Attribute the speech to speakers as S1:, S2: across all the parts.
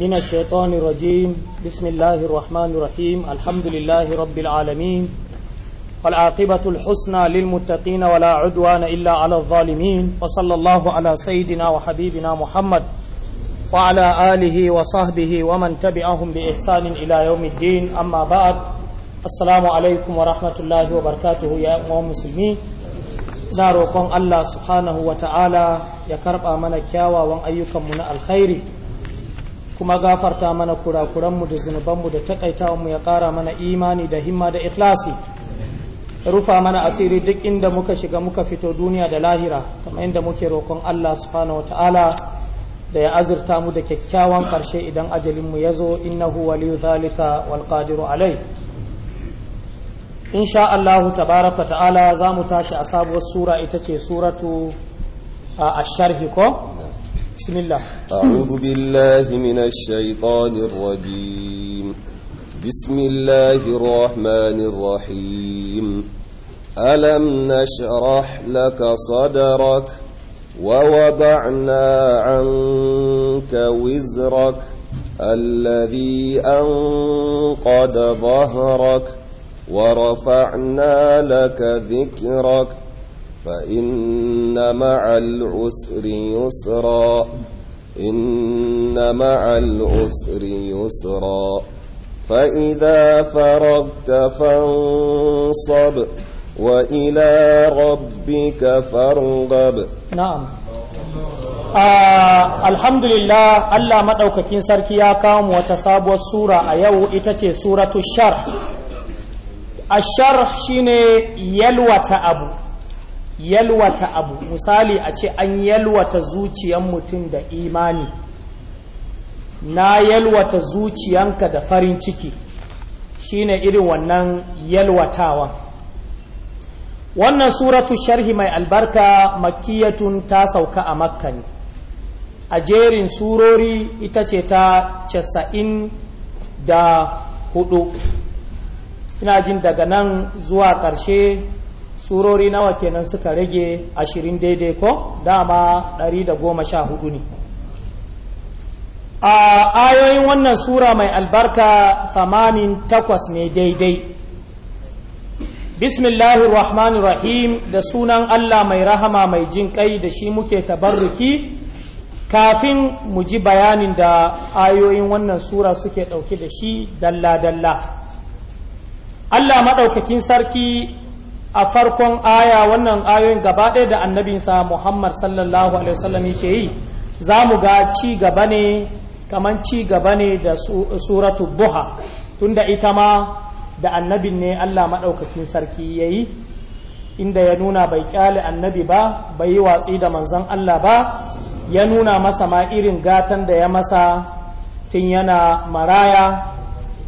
S1: من الشيطان الرجيم بسم الله الرحمن الرحيم الحمد لله رب العالمين والعاقبة الحسنى للمتقين ولا عدوان إلا على الظالمين وصلى الله على سيدنا وحبيبنا محمد وعلى آله وصحبه ومن تبعهم بإحسان إلى يوم الدين أما بعد السلام عليكم ورحمة الله وبركاته يا أمم المسلمين na roƙon Allah subhanahu wa ta'ala ya karɓa mana kyawawan ayyukanmu na alkhairi kuma gafarta mana kurakuranmu da zunubanmu da mu ya ƙara mana imani da himma da ikhlasi rufa mana asiri duk inda muka shiga muka fito duniya da lahira kamar inda muke roƙon Allah subhanahu wataala da ya azurta mu da kyakkyawan ƙarshe idan ajalinmu ya zo innahu waliyu zalika wal qadiru alai insha Allah tabaraka ta'ala zamu tashi a sabuwar sura ita ce suratu a sharhi ko بسم الله أعوذ
S2: بالله من الشيطان الرجيم بسم الله الرحمن الرحيم ألم نشرح لك صدرك ووضعنا عنك وزرك الذي أنقد ظهرك ورفعنا لك ذكرك فإن مع العسر يسرا إن مع العسر يسرا فإذا فرغت فانصب وإلى ربك فارغب
S1: نعم Uh, alhamdulillah Allah maɗaukakin sarki ya kawo wata sabuwar sura a yau ita ce suratu shar ashar shine yalwata abu yalwata abu misali a ce an yalwata zuciyan mutum da imani na yalwata zuciyanka da farin ciki shine irin wannan yalwatawa. wannan suratu sharhi mai albarka makiyatun ta sauka a makkani a jerin surori ita ce ta casa'in da hudu ina jin daga nan zuwa ƙarshe surori nawa kenan suka rage ashirin daidai ko dama ɗari da goma sha hudu ne a ayoyin wannan sura mai albarka famanin takwas ne daidai bismillahir rahmanir rahim da sunan allah mai rahama mai jin kai da shi muke tabarruki kafin mu ji bayanin da ayoyin wannan sura suke ɗauke da shi dalla-dalla Allah maɗaukakin sarki a farkon aya wannan ayoyin gaba ɗaya da annabinsa Muhammad sallallahu alaihi wasallam yake yi za mu ga ci gaba ne kamar ci gaba ne da suratu buha tunda ita ma da annabin ne Allah maɗaukakin sarki ya yi inda ya nuna bai kyale annabi ba bai yi watsi da manzon Allah ba ya nuna masa ma irin gatan da ya masa tun yana maraya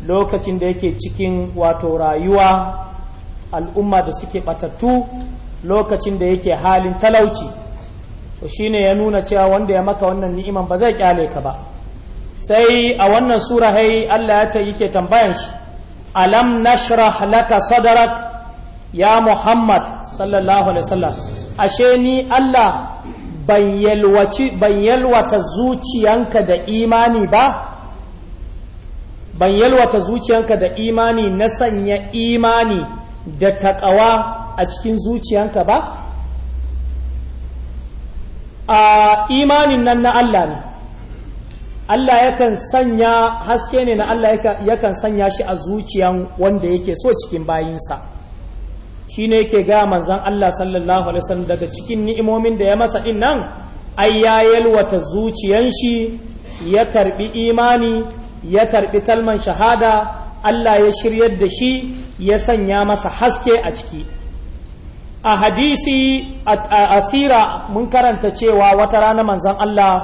S1: lokacin da yake cikin wato rayuwa al'umma da suke batattu lokacin da yake halin talauci to ne ya nuna cewa wanda ya maka wannan ni'iman ba zai kyale ka ba sai a wannan sura hai Allah ya ta yake tambayan shi alam nashrah laka sadrak ya Muhammad sallallahu alaihi wasallam ashe ni Allah ban yalwaci ban yalwata zuciyanka da imani ba ban yalwata zuciyanka da imani na sanya imani da taƙawa a cikin zuciyanka ba a imanin nan na Allah ne Allah yakan sanya haske ne na Allah yakan sanya shi a zuciyan wanda yake so cikin bayinsa shi ne yake gaya manzan Allah sallallahu alaihi wasallam daga cikin ni'imomin da ya masa din nan ai ya yalwata zuciyan shi ya karɓi imani ya karɓi talman shahada Allah ya shiryar da shi ya sanya masa haske a ciki a hadisi a asira mun karanta cewa wata rana manzon Allah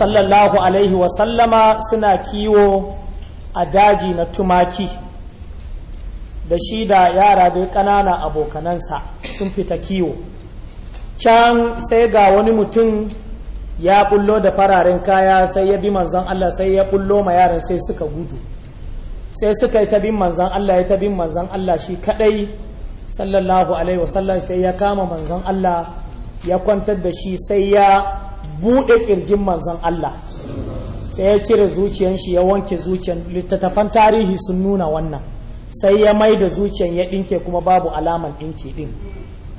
S1: sallallahu alaihi wasallama suna kiwo a daji na tumaki da shi da yara da ƙanana abokanansa sun fita kiwo can sai ga wani mutum ya bullo da fararen kaya sai ya bi manzon Allah sai ya bullo ma yaran sai suka gudu sai suka yi tabin manzan Allah ya tabin manzan Allah shi kadai sallallahu alaihi wasallam sai ya kama manzan Allah ya kwantar da shi sai ya buɗe ƙirjin manzan Allah sai ya cire zuciyan shi ya wanke zuciyan littattafan tarihi sun nuna wannan sai ya mai da zuciyan ya ɗinke kuma babu alaman ɗinke ɗin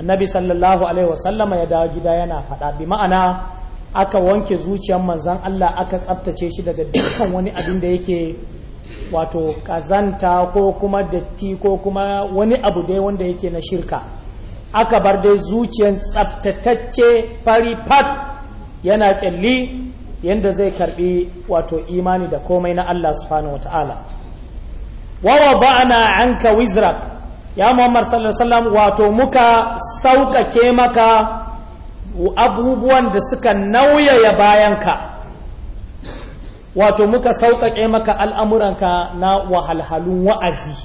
S1: annabi sallallahu alaihi wasallam ya dawo gida yana faɗa bi ma'ana aka wanke zuciyan manzan Allah aka tsabtace shi daga dukkan wani abin da yake wato kazanta ko kuma datti ko kuma wani abu dai wanda yake na shirka aka bar dai zuciyar tsaftatacce fari fat yana kyalli yadda zai karbi wato imani da komai na Allah subhanahu wata'ala wa ana anka wizrak ya Muhammad sallallahu alaihi wasallam wato muka sauƙaƙe maka abubuwan da suka nauyaya bayanka wato muka sauƙaƙe maka al'amuranka na wahalhalun wa'azi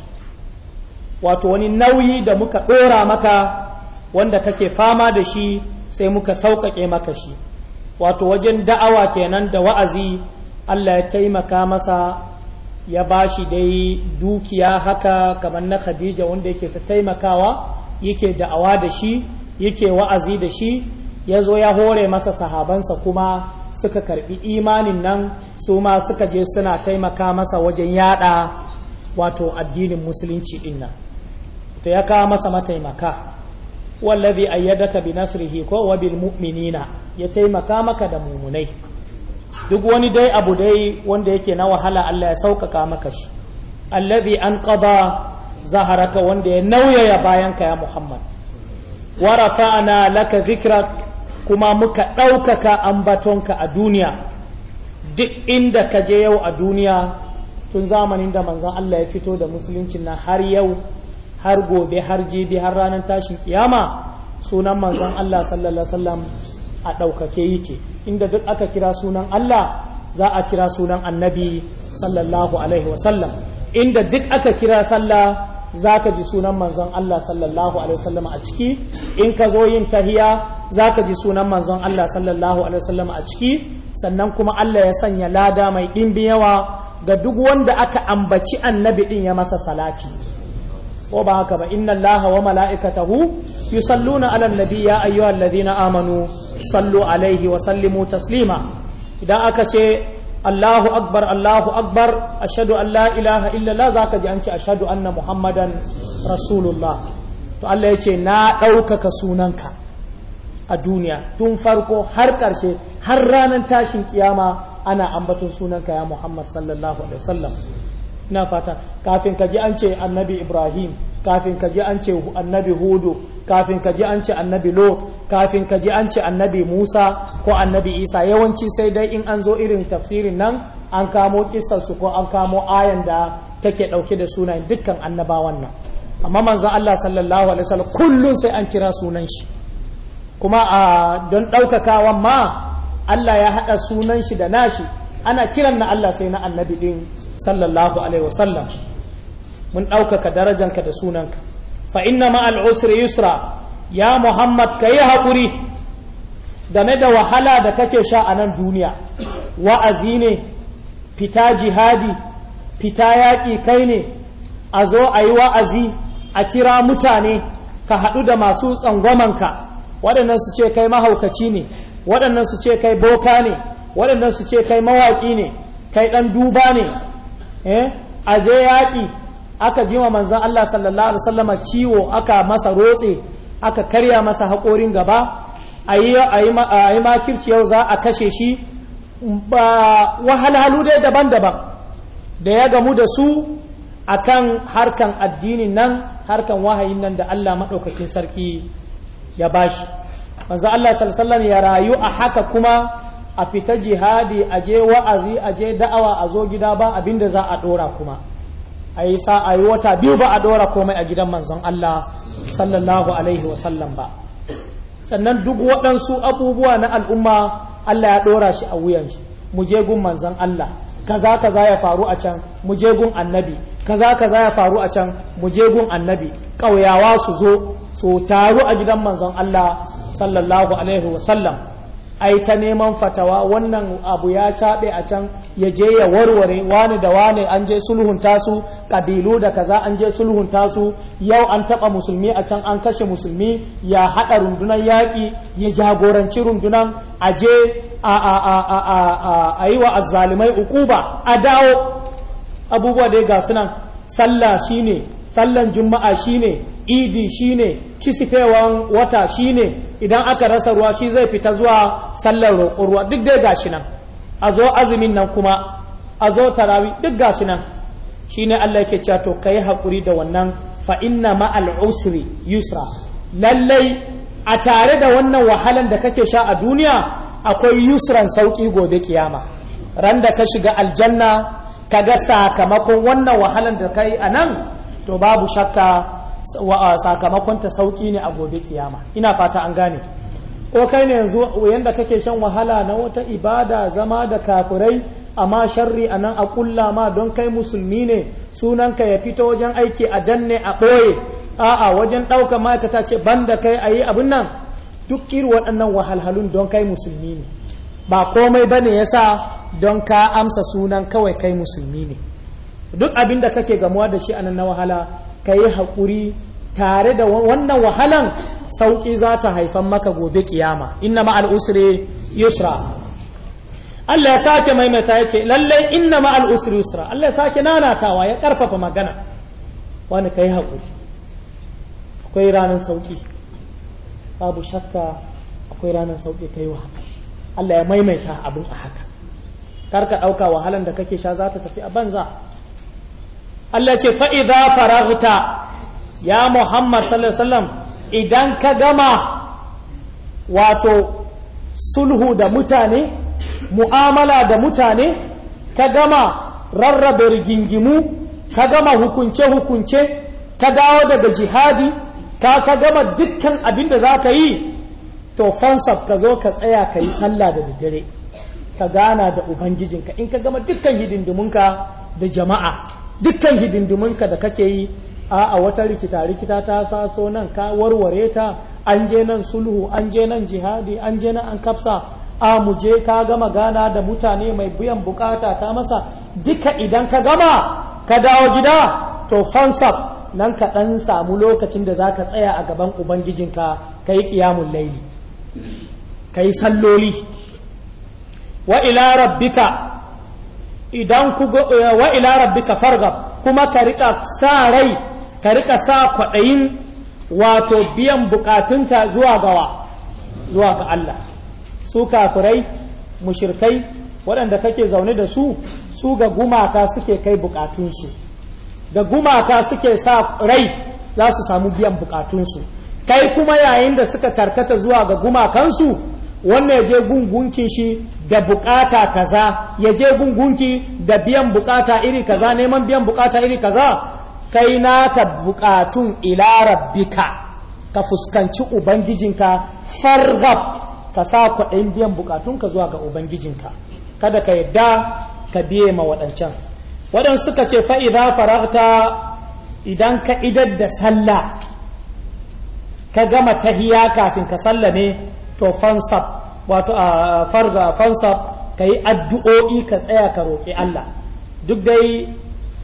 S1: wato wani nauyi da muka ɗora maka wanda kake fama da shi sai muka sauƙaƙe maka shi wato wajen da'awa kenan da wa'azi Allah ya taimaka masa ya ba shi dai dukiya haka kamar na Khadija wanda yake ta taimakawa yake da'awa da shi yake wa'azi da shi ya zo ya hore masa sahabansa kuma suka karbi imanin nan su ma suka je suna taimaka masa wajen yada wato addinin musulunci din nan to ya kawo masa mataimaka wallazi ayyadaka bi nasrihi ko wa bil mu'minina ya taimaka maka da mumunai duk wani dai abu dai wanda yake na wahala Allah ya sauƙaƙa maka shi allazi an qada zaharaka wanda ya nauyaya ka ya Muhammad wa rafa'na laka zikrak kuma muka ɗaukaka ambatonka a duniya duk inda ka je yau a duniya tun zamanin da manzan Allah ya fito da musuluncin na har yau har gobe har jibi har ranar tashin kiyama sunan manzan Allah sallallahu sallam a ɗaukake yake inda duk aka kira sunan Allah za a kira sunan annabi sallallahu alaihi wasallam inda duk aka kira sallah zaka ji sunan manzon Allah sallallahu alaihi wasallam a ciki in ka zo yin tahiya za ka ji sunan manzon Allah sallallahu alaihi wasallam a ciki sannan kuma Allah ya sanya lada mai ɗimbin yawa ga duk wanda aka ambaci annabi ɗin ya masa salati ko ba haka ba inna allaha wa mala'ikatahu yusalluna ala nabi ya ayyuhalladhina amanu sallu alaihi wa sallimu taslima idan aka ce Allahu akbar Allahu akbar ashadu an la ilaha illallah zaka ji an ce ashhadu anna muhammadan rasulullah to Allah ya ce na ɗaukaka sunanka a duniya tun farko har ƙarshe har ranar tashin kiyama ana ambaton sunanka ya Muhammad sallallahu alaihi wasallam ina fata kafin ka ji an ce annabi ibrahim kafin ka ji an ce annabi hudu kafin ka ji an ce annabi lot kafin ka ji an ce annabi musa ko annabi isa yawanci sai dai in an zo irin tafsirin nan an kamo kisarsu ko an kamo ayan da take dauke da sunayen dukkan annabawan nan amma manzo Allah sallallahu alaihi wasallam kullun sai an kira sunan shi kuma a ah, don ɗaukakawan ma Allah ya haɗa sunan shi da nashi ana kiran na Allah sai na annabi din sallallahu alaihi wasallam mun ɗaukaka darajanka da sunanka fa inna ma al'usri yusra ya muhammad ka yi haƙuri game da wahala da kake sha a nan duniya wa'azi ne fita jihadi fita yaƙi kai ne a zo a yi wa'azi a kira mutane ka haɗu da masu tsangwamanka waɗannan su ce kai mahaukaci ne waɗannan su ce kai boka ne waɗannan su ce kai mawaƙi ne kai ɗan duba ne eh, a je yaƙi aka wa manzan Allah sallallahu alaihi wasallama ciwo aka masa rotse aka karya masa haƙorin gaba a yi makirci yau za a kashe shi ba wahalhalu dai daban-daban da ya gamu da su akan harkan addinin nan harkan wahayin nan da Allah maɗaukakin sarki ya bashi manzan Allah sallallahu alaihi ya rayu a haka kuma a fita jihadi a je wa'azi a je da'awa a zo gida ba abinda za a dora kuma a yi sa a yi wata biyu ba a dora komai a gidan manzon Allah sallallahu alaihi wa sallam ba sannan duk waɗansu abubuwa na al'umma Allah ya dora shi a wuyan shi mu je gun manzon Allah kaza kaza ya faru a can mu je gun annabi kaza kaza ya faru a can mu je gun annabi ƙauyawa su zo su taru a gidan manzon Allah sallallahu alaihi wa sallam ai ta neman fatawa wannan abu ya caɓe a can ya je ya warware wani da wani an je sulhunta su ƙabilu da kaza an je sulhunta su yau an taɓa musulmi a can an kashe musulmi ya haɗa rundunar yaƙi ya jagoranci rundunar a je a yi wa azzalimai ukuba a dawo abubuwa dai ga sunan sallah shine sallan juma'a shine idi shine kisifewan wata shine idan aka rasa ruwa shi zai fita zuwa sallar roƙon ruwa duk dai gashi nan a zo azumin nan kuma a zo tarawi duk gashi nan shine Allah yake cewa to kai haƙuri da wannan fa inna ma'al usri yusra lallai a tare da wannan wahalan da kake sha a duniya akwai yusran sauki gobe kiyama Randa ta shiga aljanna kaga sakamakon wannan wahalan da kai a nan to babu shakka sakamakon ta sauki ne a gobe kiyama ina fata an gane ko kai ne yanzu yanda kake shan wahala na wata ibada zama da kafirai amma sharri a nan a kulla ma don kai musulmi ne sunanka ya fito wajen aiki a danne a ɓoye a'a wajen ɗaukar ma'aikata ce banda kai a yi abin nan duk irin waɗannan wahalhalun don kai musulmi ne ba komai ba ne ya don ka amsa sunan kawai kai musulmi ne duk abin da kake gamuwa da shi a nan na wahala ka yi haƙuri tare da wannan wahalan sauƙi za ta haifan maka gobe kiyama inna ma'al usri yusra Allah ya sake maimaita ya ce lallai inna ma'al usri yusra Allah ya sake nanatawa ya ƙarfafa magana wani ka yi haƙuri akwai ranar sauƙi babu shakka akwai ranar sauƙi ta yi wa Allah ya maimaita abin a haka Kar ka ɗauka wahalan da kake sha za ta tafi a banza Allah ce fa'iza faragta ya Muhammad sallallahu idan ka gama wato sulhu da mutane mu'amala da mutane ka gama rarrabe rigingimu ka gama hukunce-hukunce ka dawo daga jihadi ka ka gama dukkan abin da za ka yi to fansab ka zo ka tsaya ka yi sallah da dare-dare, ka gana da ubangijinka in ka gama dukkan hidindimunka da jama'a dukkan hidindiminka da kake yi a wata rikita rikita ta saso nan ka warware ta an je nan sulhu an je nan jihadi an je nan an kafsa a mu je ka gama gana da mutane mai biyan bukata ta masa duka idan ka gama ka dawo gida to fansab nan ka dan samu lokacin da zaka tsaya a gaban ubangijinka ka yi kiyamun laili ka yi salloli wa ila rabbika idan ku eh, wa ila rabbika farga kuma ka rika sa rai ka rika sa kwaɗayin wato biyan bukatunta zuwa gawa zuwa ga Allah su kafirai mushirkai waɗanda kake zaune da su su ga gumaka suke kai bukatunsu ga gumaka suke sa rai za su samu biyan bukatunsu kai kuma yayin da suka karkata zuwa ga gumakansu wannan ya je gungunkin shi da bukata kaza ya je gungunki da biyan bukata iri kaza neman biyan bukata iri kaza kai naka bukatun ila rabbika ka fuskanci ubangijinka farghab ka sa kuɗin biyan ka zuwa ga ubangijinka kada ka yadda ka biye ma waɗancan waɗansu suka ce fa'ida faragta idan ka idar da sallah ka gama tahiya kafin ka sallame to fansab wato a farga fansab ka yi addu'o'i ka tsaya ka roƙi Allah duk dai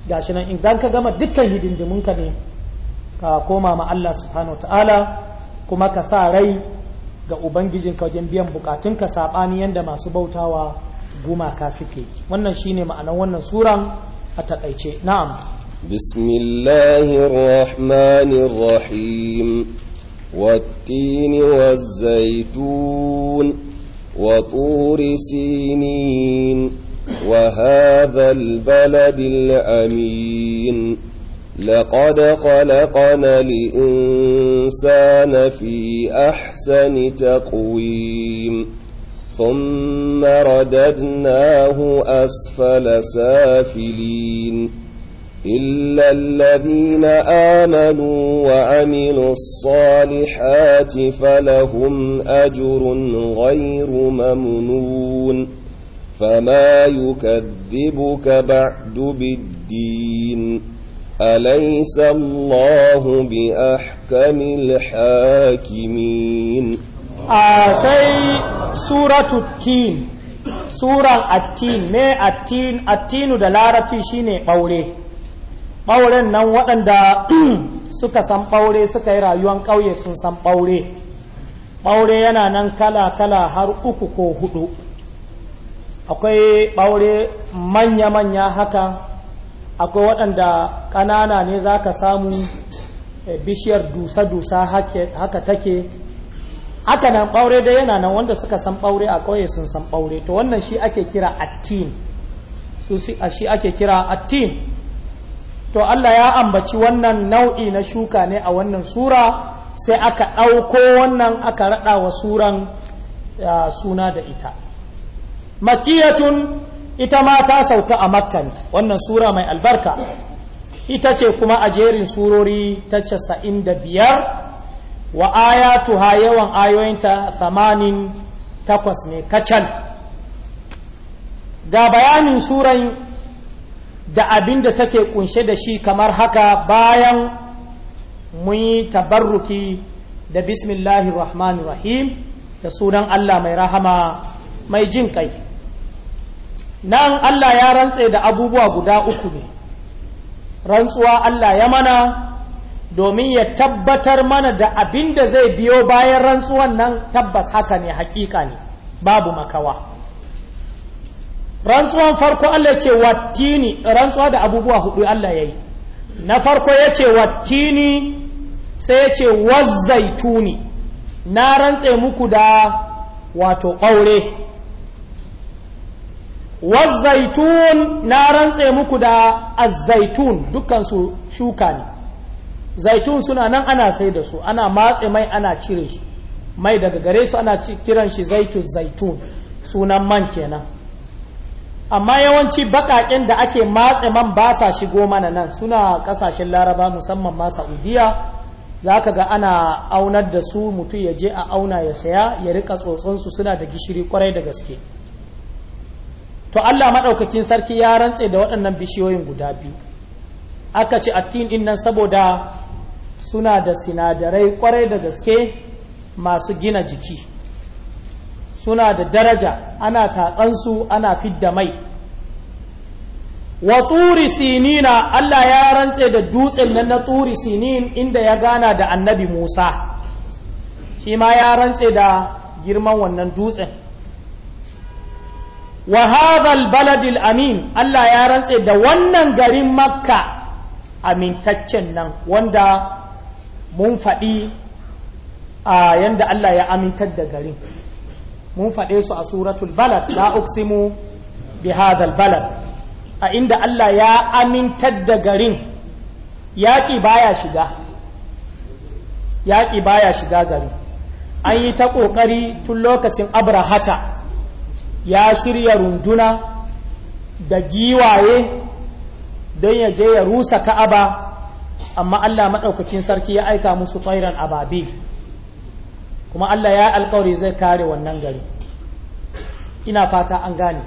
S1: gashi nan idan ka gama dukkan hidindimunka ne ka koma ma Allah subhanahu wa ta'ala kuma ka sa rai ga ubangijin wajen biyan bukatun saɓa saɓani yadda masu bautawa gumaka suke wannan shine ma'anar wannan suran a taƙaice na'am
S2: bismillahir rahmanir rahim والتين والزيتون وطور سينين وهذا البلد الأمين لقد خلقنا الإنسان في أحسن تقويم ثم رددناه أسفل سافلين إلا الذين آمنوا وعملوا الصالحات فلهم أجر غير ممنون فما يكذبك بعد بالدين أليس الله بأحكم الحاكمين
S1: آسي سورة التين سورة التين ما التين التين دلارتي شيني قوليه ɓauren nan waɗanda suka san ɓaure suka yi rayuwan ƙauye sun san ɓaure ɓaure yana nan kala-kala har uku ko hudu akwai ɓaure manya-manya haka akwai waɗanda ƙanana ne za ka samu eh, bishiyar dusa-dusa haka take haka nan ɓaure dai yana nan wanda suka san ɓaure a ƙauye sun san ɓaure to wannan shi ake kira a shi ake kira attin to Allah ya ambaci wannan nau'i na shuka ne a wannan sura sai aka ɗauko wannan aka raɗa wa suran suna da ita makiyatun ita ma ta sauka a makkan wannan sura mai albarka ita ce kuma a jerin surori ta casa'in da biyar wa tuha yawan ayoyinta tamanin takwas ne kacal ga bayanin suran da abin da take kunshe da shi kamar haka bayan mun yi tabarruki da bismillahir rahmanir rahim da sunan Allah mai rahama mai jin kai nan Allah ya rantse da abubuwa guda uku ne rantsuwa Allah ya mana domin ya tabbatar mana da abin da zai biyo bayan rantsuwan nan tabbas haka ne hakika ne babu makawa rantsuwan farko Allah ce wattini rantsuwa da abubuwa hudu Allah ya yi na farko ya ce wattini sai ya ce wazzaituni na rantse muku da wato ƙaure wazzaitun na rantse muku da azzaitun dukansu shuka ne zaitun suna nan ana sai da su ana matse mai ana cire shi mai daga gare su ana kiran shi zaitun zaitun sunan man kenan amma yawanci baƙaƙen da ake matse man ba sa shigo mana nan suna ƙasashen laraba musamman ma saudiya za ka ga ana aunar da su mutum ya je a auna ya saya ya rika tsotsonsu suna da gishiri kwarai da gaske to allah maɗaukakin sarki ya rantse da waɗannan bishiyoyin guda biyu aka ce attin ɗin nan saboda suna da sinadarai kwarai da gaske masu gina jiki suna da daraja ana tatsansu ana fidda mai wa turi sinina Allah ya rantse da dutsen nan na turi sinin inda ya gana da annabi Musa shi ma ya rantse da girman wannan dutsen wa hadhal baladil amin Allah ya rantse da wannan garin makka amintaccen nan wanda mun faɗi a yanda Allah ya amintar da garin mun faɗe su a suratul balad la uksimu bi hadhal balad a inda Allah ya amintar da garin yaƙi baya shiga yaƙi baya shiga gari an yi ta ƙoƙari tun lokacin abrahata ya shirya runduna da giwaye don ya je ya rusa ka'aba amma Allah maɗaukakin sarki ya aika musu tsairan ababi kuma Allah ya alkawari zai kare wannan gari ina fata an gane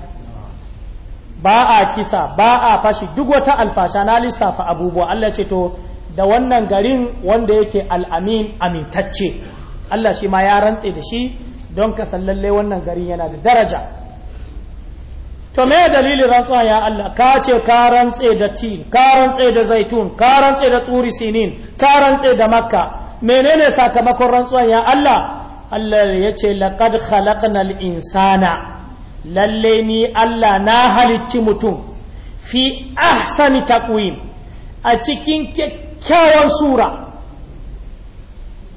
S1: ba a kisa ba a fashi duk wata alfasha na lissafa abubuwa Allah ce to da wannan garin wanda yake al'amin amintacce Allah shi ma ya rantse da shi don ka sallalle wannan garin yana da daraja to me dalilin rantsuwa ya Allah ka ce ka rantse da tin ka rantse da zaitun ka rantse da turi sinin ka rantse da makka menene sakamakon rantsuwan ya Allah Allah ya ce laqad khalaqnal insana lalle ni Allah na halicci mutum fi ahsani taqwim a cikin kyakkyawan sura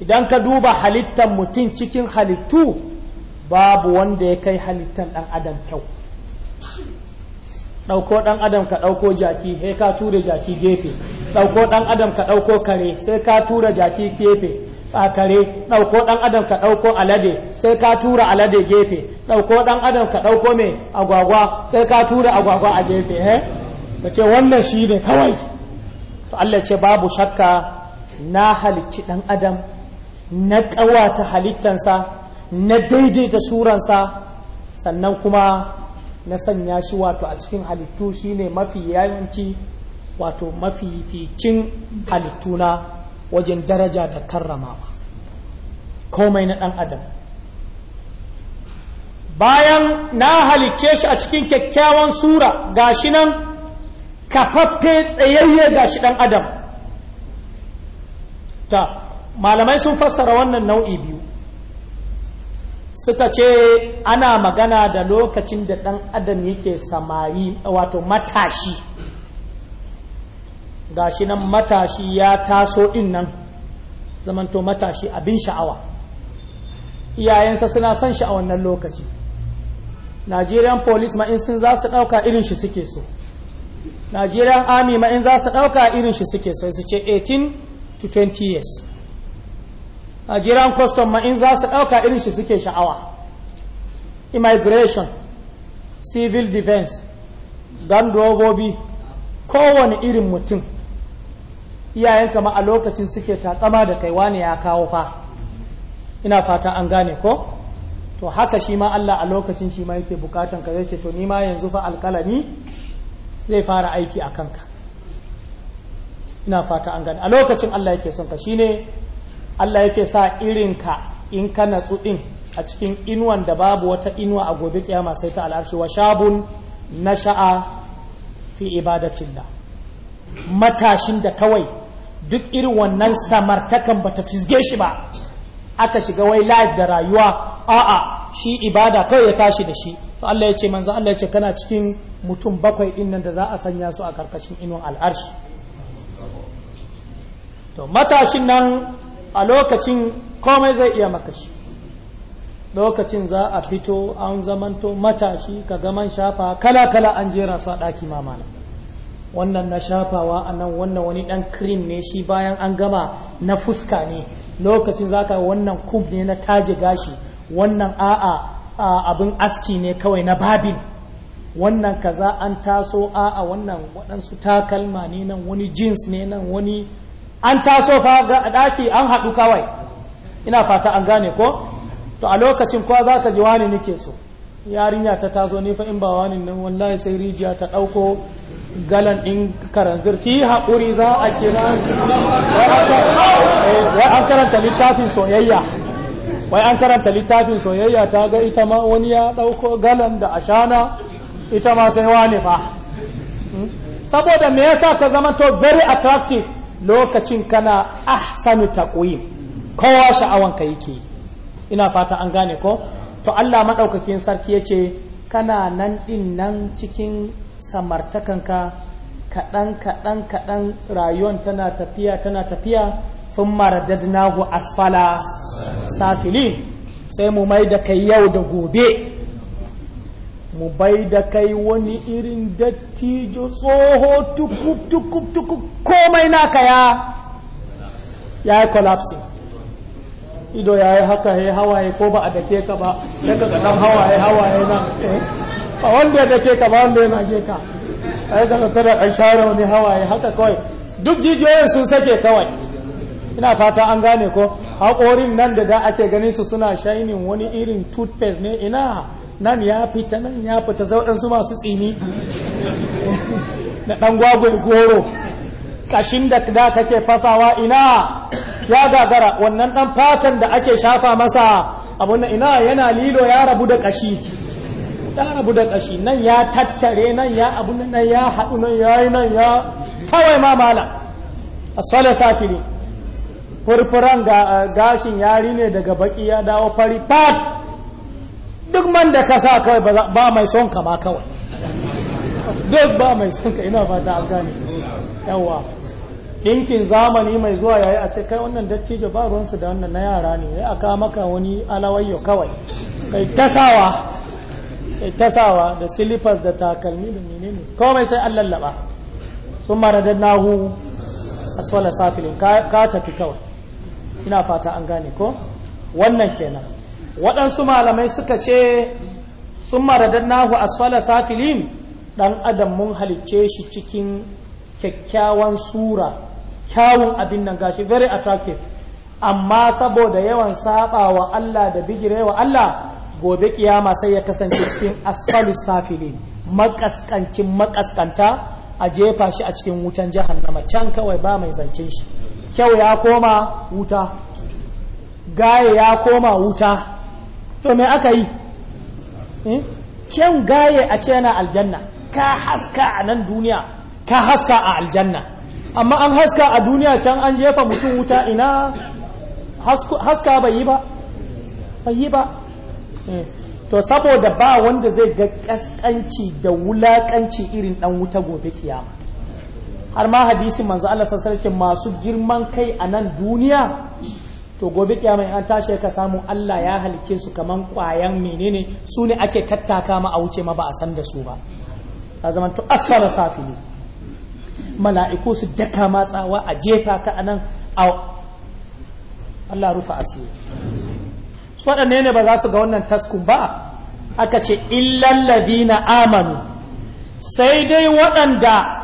S1: idan ka duba halittar mutum cikin halittu babu wanda ya kai halittar ɗan adam kyau ɗauko ɗan adam ka ɗauko jaki sai ka tura jaki gefe ɗauko ɗan adam ka ɗauko kare sai ka tura jaki gefe a kare ɗauko ɗan adam ka ɗauko alade sai ka tura alade gefe ɗauko ɗan adam ka ɗauko mai agwagwa sai ka tura agwagwa a gefe he ta ce wannan shi ne kawai to Allah ce babu shakka na halicci ɗan adam na ƙawata halittansa na daidaita suransa sannan kuma na sanya shi wato a cikin halittu shi ne mafi yawanci wato mafificin halittuna wajen daraja da karramawa komai na ɗan adam bayan na halicce shi a cikin kyakkyawan sura gashi nan kafaffe tsayayye gashi ɗan adam ta malamai sun fassara wannan nau'i biyu suka ce ana magana da lokacin da ɗan adam yake samari wato matashi gashi nan matashi ya taso ɗin nan zamanto matashi abin sha'awa iyayensa suna son sha'awar nan lokaci nigerian police ma in sun za su ɗauka irin shi suke so nigerian army ma in za su ɗauka irin shi suke so su ce 18 to 20 years a jiran custom ma in za su ɗauka irin shi suke sha'awa immigration civil defense gandogobi kowane irin mutum iyayen kama a lokacin suke takama da kaiwa ne ya kawo fa ina fata an gane ko to haka shi ma Allah a lokacin shi ma yake bukatan ka zai ce to nima yanzu fa alkalami zai fara aiki a kanka ina fata an gane a lokacin Allah yake son ka shine Allah yake sa irin ka in ka natsu din a cikin inuwan da babu wata inuwa a gobe kiyama sai ta al'arshi wa shabun nasha'a fi da matashin da kawai duk irin wannan samartakan bata fisge shi ba aka shiga wai life da rayuwa a'a shi ibada kai ya tashi da shi to Allah ya ce manzo Allah ya ce kana cikin mutum bakwai din nan da za a sanya su a karkashin inuwan al'arshi to matashin nan a lokacin komai zai iya maka lokacin za a fito an zamanto matashi ka gaman shafa kala-kala an jera su a ɗaki mamana wannan na shafawa a nan wannan wani ɗan kirim ne shi bayan an gama na fuska ne lokacin za ka wannan kub ne na taje gashi wannan a'a a abin aski ne kawai na babin wannan kaza an taso a'a wannan waɗansu takalma ne nan wani jins ne nan wani an taso fa daki an haɗu kawai ina fata an gane ko to a lokacin ko za ka ji wani nake so yarinya ta taso ne fa in ba wani nan wallahi sai rijiya ta ɗauko galan din karanzir ki haƙuri za a kira eh, wai an karanta littafin soyayya wai an karanta littafin soyayya ta ga ita ma wani ya ɗauko galan da ashana ita ma sai wani fa hmm? saboda me yasa ta zama to very attractive lokacin kana ahsanu taqwim kowa sha'awan ka yake ina fata an gane ko to Allah madaukakin sarki yace kana nan din nan cikin samartakanka kaɗan kaɗan kaɗan rayuwar tana tafiya tana tafiya sun maradadnahu asfala safilin sai mu mai da kai yau da gobe mu bai da kai wani irin dattijo tsoho tukuk tukuk tukuk komai naka ya ya yi collapsing ido ya yi haka ya hawaye ko ba a dake ka ba daga ga dan hawaye hawaye na a wanda ya dake ka ba wanda ya nage ka a yi kasa tara a share wani hawaye haka kawai duk jijiyoyin sun sake kawai ina fata an gane ko haƙorin nan da da ake ganin su suna shining wani irin toothpaste ne ina nan ya fita nan ya fita su masu tsini da ɗan gwagwai goro ƙashin da da kake fasawa ina ya gagara wannan ɗan fatan da ake shafa masa abun ina yana lilo ya rabu da ƙashi ya rabu da ƙashi nan ya tattare nan ya abu nan ya haɗu nan ya yi nan ya kawai ma mala a sole safiri furfuran gashin yari ne daga baki ya dawo fari fat duk man da ka sa kawai ba mai son ka ma kawai duk ba mai son ka ina fata an gane yawa ɗinkin zamani mai zuwa yayi a ce kai wannan dattijo ba ruwansu da wannan na yara ne ya aka maka wani alawayyo kawai kai tasawa kai tasawa da silifas da takalmi da menene komai sai an lallaba sun mara da nahu asfala safilin ka tafi kawai ina fata an gane ko wannan kenan waɗansu malamai suka ce sun nahu asfala safilin ɗan adam mun halicce shi cikin kyakkyawan sura kyawun abin nan gashi very attractive amma saboda yawan saba wa Allah da bijire wa Allah gobe kiyama sai ya kasance cikin asfali safilin makaskancin makaskanta a jefa shi a cikin wutan jahannama can kawai ba mai zancen shi kyau ya koma wuta gaye ya koma wuta to me aka yi eh? kyan gaye a ce yana aljanna ka haska a nan duniya ka haska a aljanna amma an haska a duniya can an jefa mutum wuta ina haska bai yi ba bai yi ba eh. to saboda ba wanda zai ga kaskanci da wulakanci irin dan wuta gobe kiyama har ma hadisin manzo Allah sallallahu alaihi masu girman kai a nan duniya to gobe kiyama in an tashi ka samu Allah ya halicce su kaman kwayan menene su ne ake tattaka ma a wuce ma ba a san da su ba ta zaman to safi ne mala'iku su daka matsawa a jefa ka anan a Allah rufa asiri su waɗanne ne ba za su ga wannan taskun ba aka ce illal ladina amanu sai dai waɗanda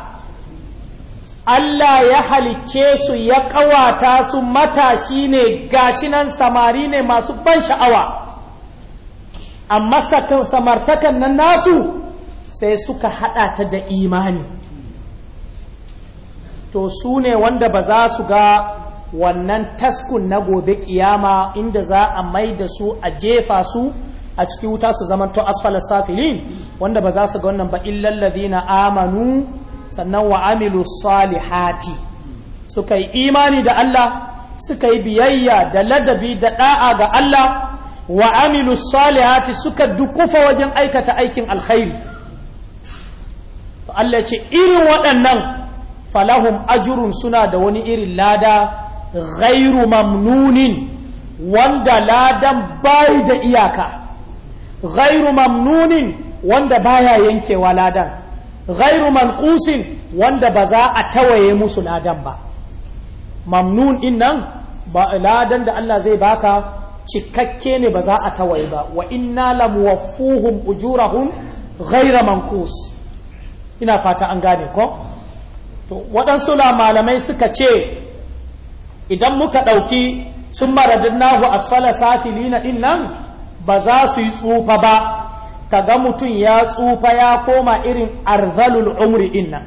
S1: Allah ya halicce su ya ƙawata su matashi ne gashinan samari ne masu ban sha'awa amma samartakan nan nasu sai suka haɗa ta da imani to su ne wanda ba za su ga wannan taskun na gobe kiyama inda za a mai da su a jefa su a cikin wuta su zamanto asfalar safilin wanda ba za su ga wannan ba lallabi na amanu sannan wa amilu salihati suka yi imani da Allah suka yi biyayya da ladabi da da'a ga Allah wa amilu salihati suka dukufa wajen aikata aikin alkhairi to Allah ce irin waɗannan falahum ajurun suna da wani irin lada ghairu mamnunin wanda ladan bai da iyaka ghairu mamnunin wanda baya yankewa ladan ghairu manqusin wanda ba za a tawaye musu ladan ba mamnun din nan ladan da Allah zai baka cikakke ne ba za a tawaye ba wa inna lamuwaffuhum ujurahum ghaira manqus ina fata an gane ko to waɗansu malamai suka ce idan muka ɗauki sun mara nahu asfala safilina din nan ba za su yi tsufa ba Ka ga mutum ya tsufa ya koma irin arzalul umri dinnan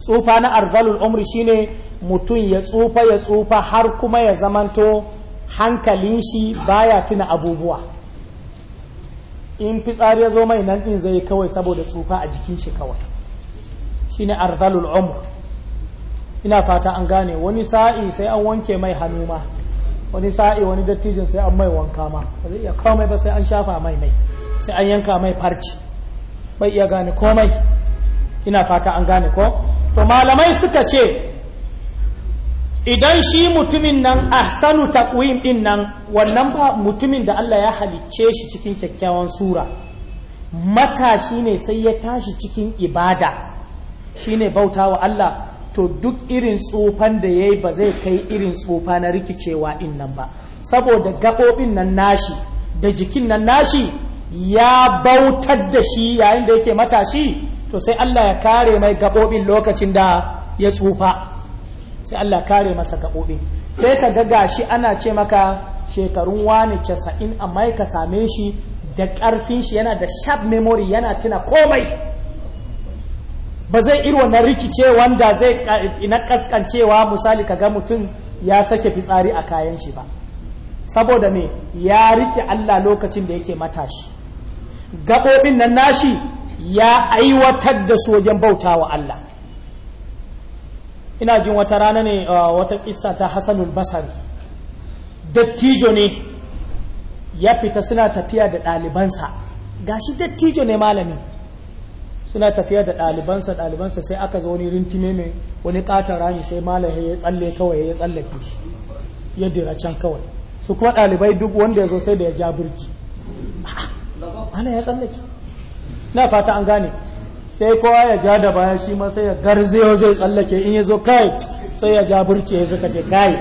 S1: tsufa na arzalul umri shine mutum ya tsufa ya tsufa har kuma ya zamanto hankalin shi baya tuna abubuwa in fitsari ya zo mai nan din zai kawai saboda tsufa a jikin shi kawai shine arzalul umr ina fata an gane wani sa'i sai an wanke mai hannu ma wani sa'i wani dattijin sai an mai wanka ma ba zai iya kawai ba sai an shafa mai mai sai an yanka mai farci bai iya gane komai ina fata an gane ko to malamai suka ce idan shi mutumin nan ahsanu taqwim din nan wannan ba mutumin da Allah ya halicce shi cikin kyakkyawan sura matashi ne sai ya tashi cikin ibada shine bauta wa Allah to duk irin tsofan da yayi yi ba zai kai irin tsofa na rikicewa din nan ba saboda gabobin nan nashi da jikin nan nashi ya bautar da shi yayin da yake matashi to sai Allah ya kare mai gaɓoɓin lokacin da ya tsufa sai Allah kare masa gaɓoɓin sai ka ga gashi ana ce maka shekarun wani casa'in amma ka same shi da ƙarfin shi yana da sharp memory yana tuna komai ba zai iri na rikice wanda zai ina kaskancewa misali ka ga mutum ya sake fitsari a kayan shi ba saboda me ya rike Allah lokacin da yake matashi gaɓoɓin nan nashi ya aiwatar da su wajen bauta wa Allah ina jin wata rana ne uh, wata kisa ta hasanul basari dattijo ne ya fita suna tafiya da ɗalibansa gashi dattijo ne malami suna tafiya da ɗalibansa ɗalibansa sai aka zo wani rintime mai wani ƙaton rami sai malami ya tsalle kawai ya tsallake shi ya dira can kawai su kuma ɗalibai duk wanda ya zo sai da ya ja birki ana ya tsallake na fata an gane sai kowa ya ja da baya shi ma sai ya garzayo zai tsallake in ya zo kai sai ya ja burke ya zuka ce kai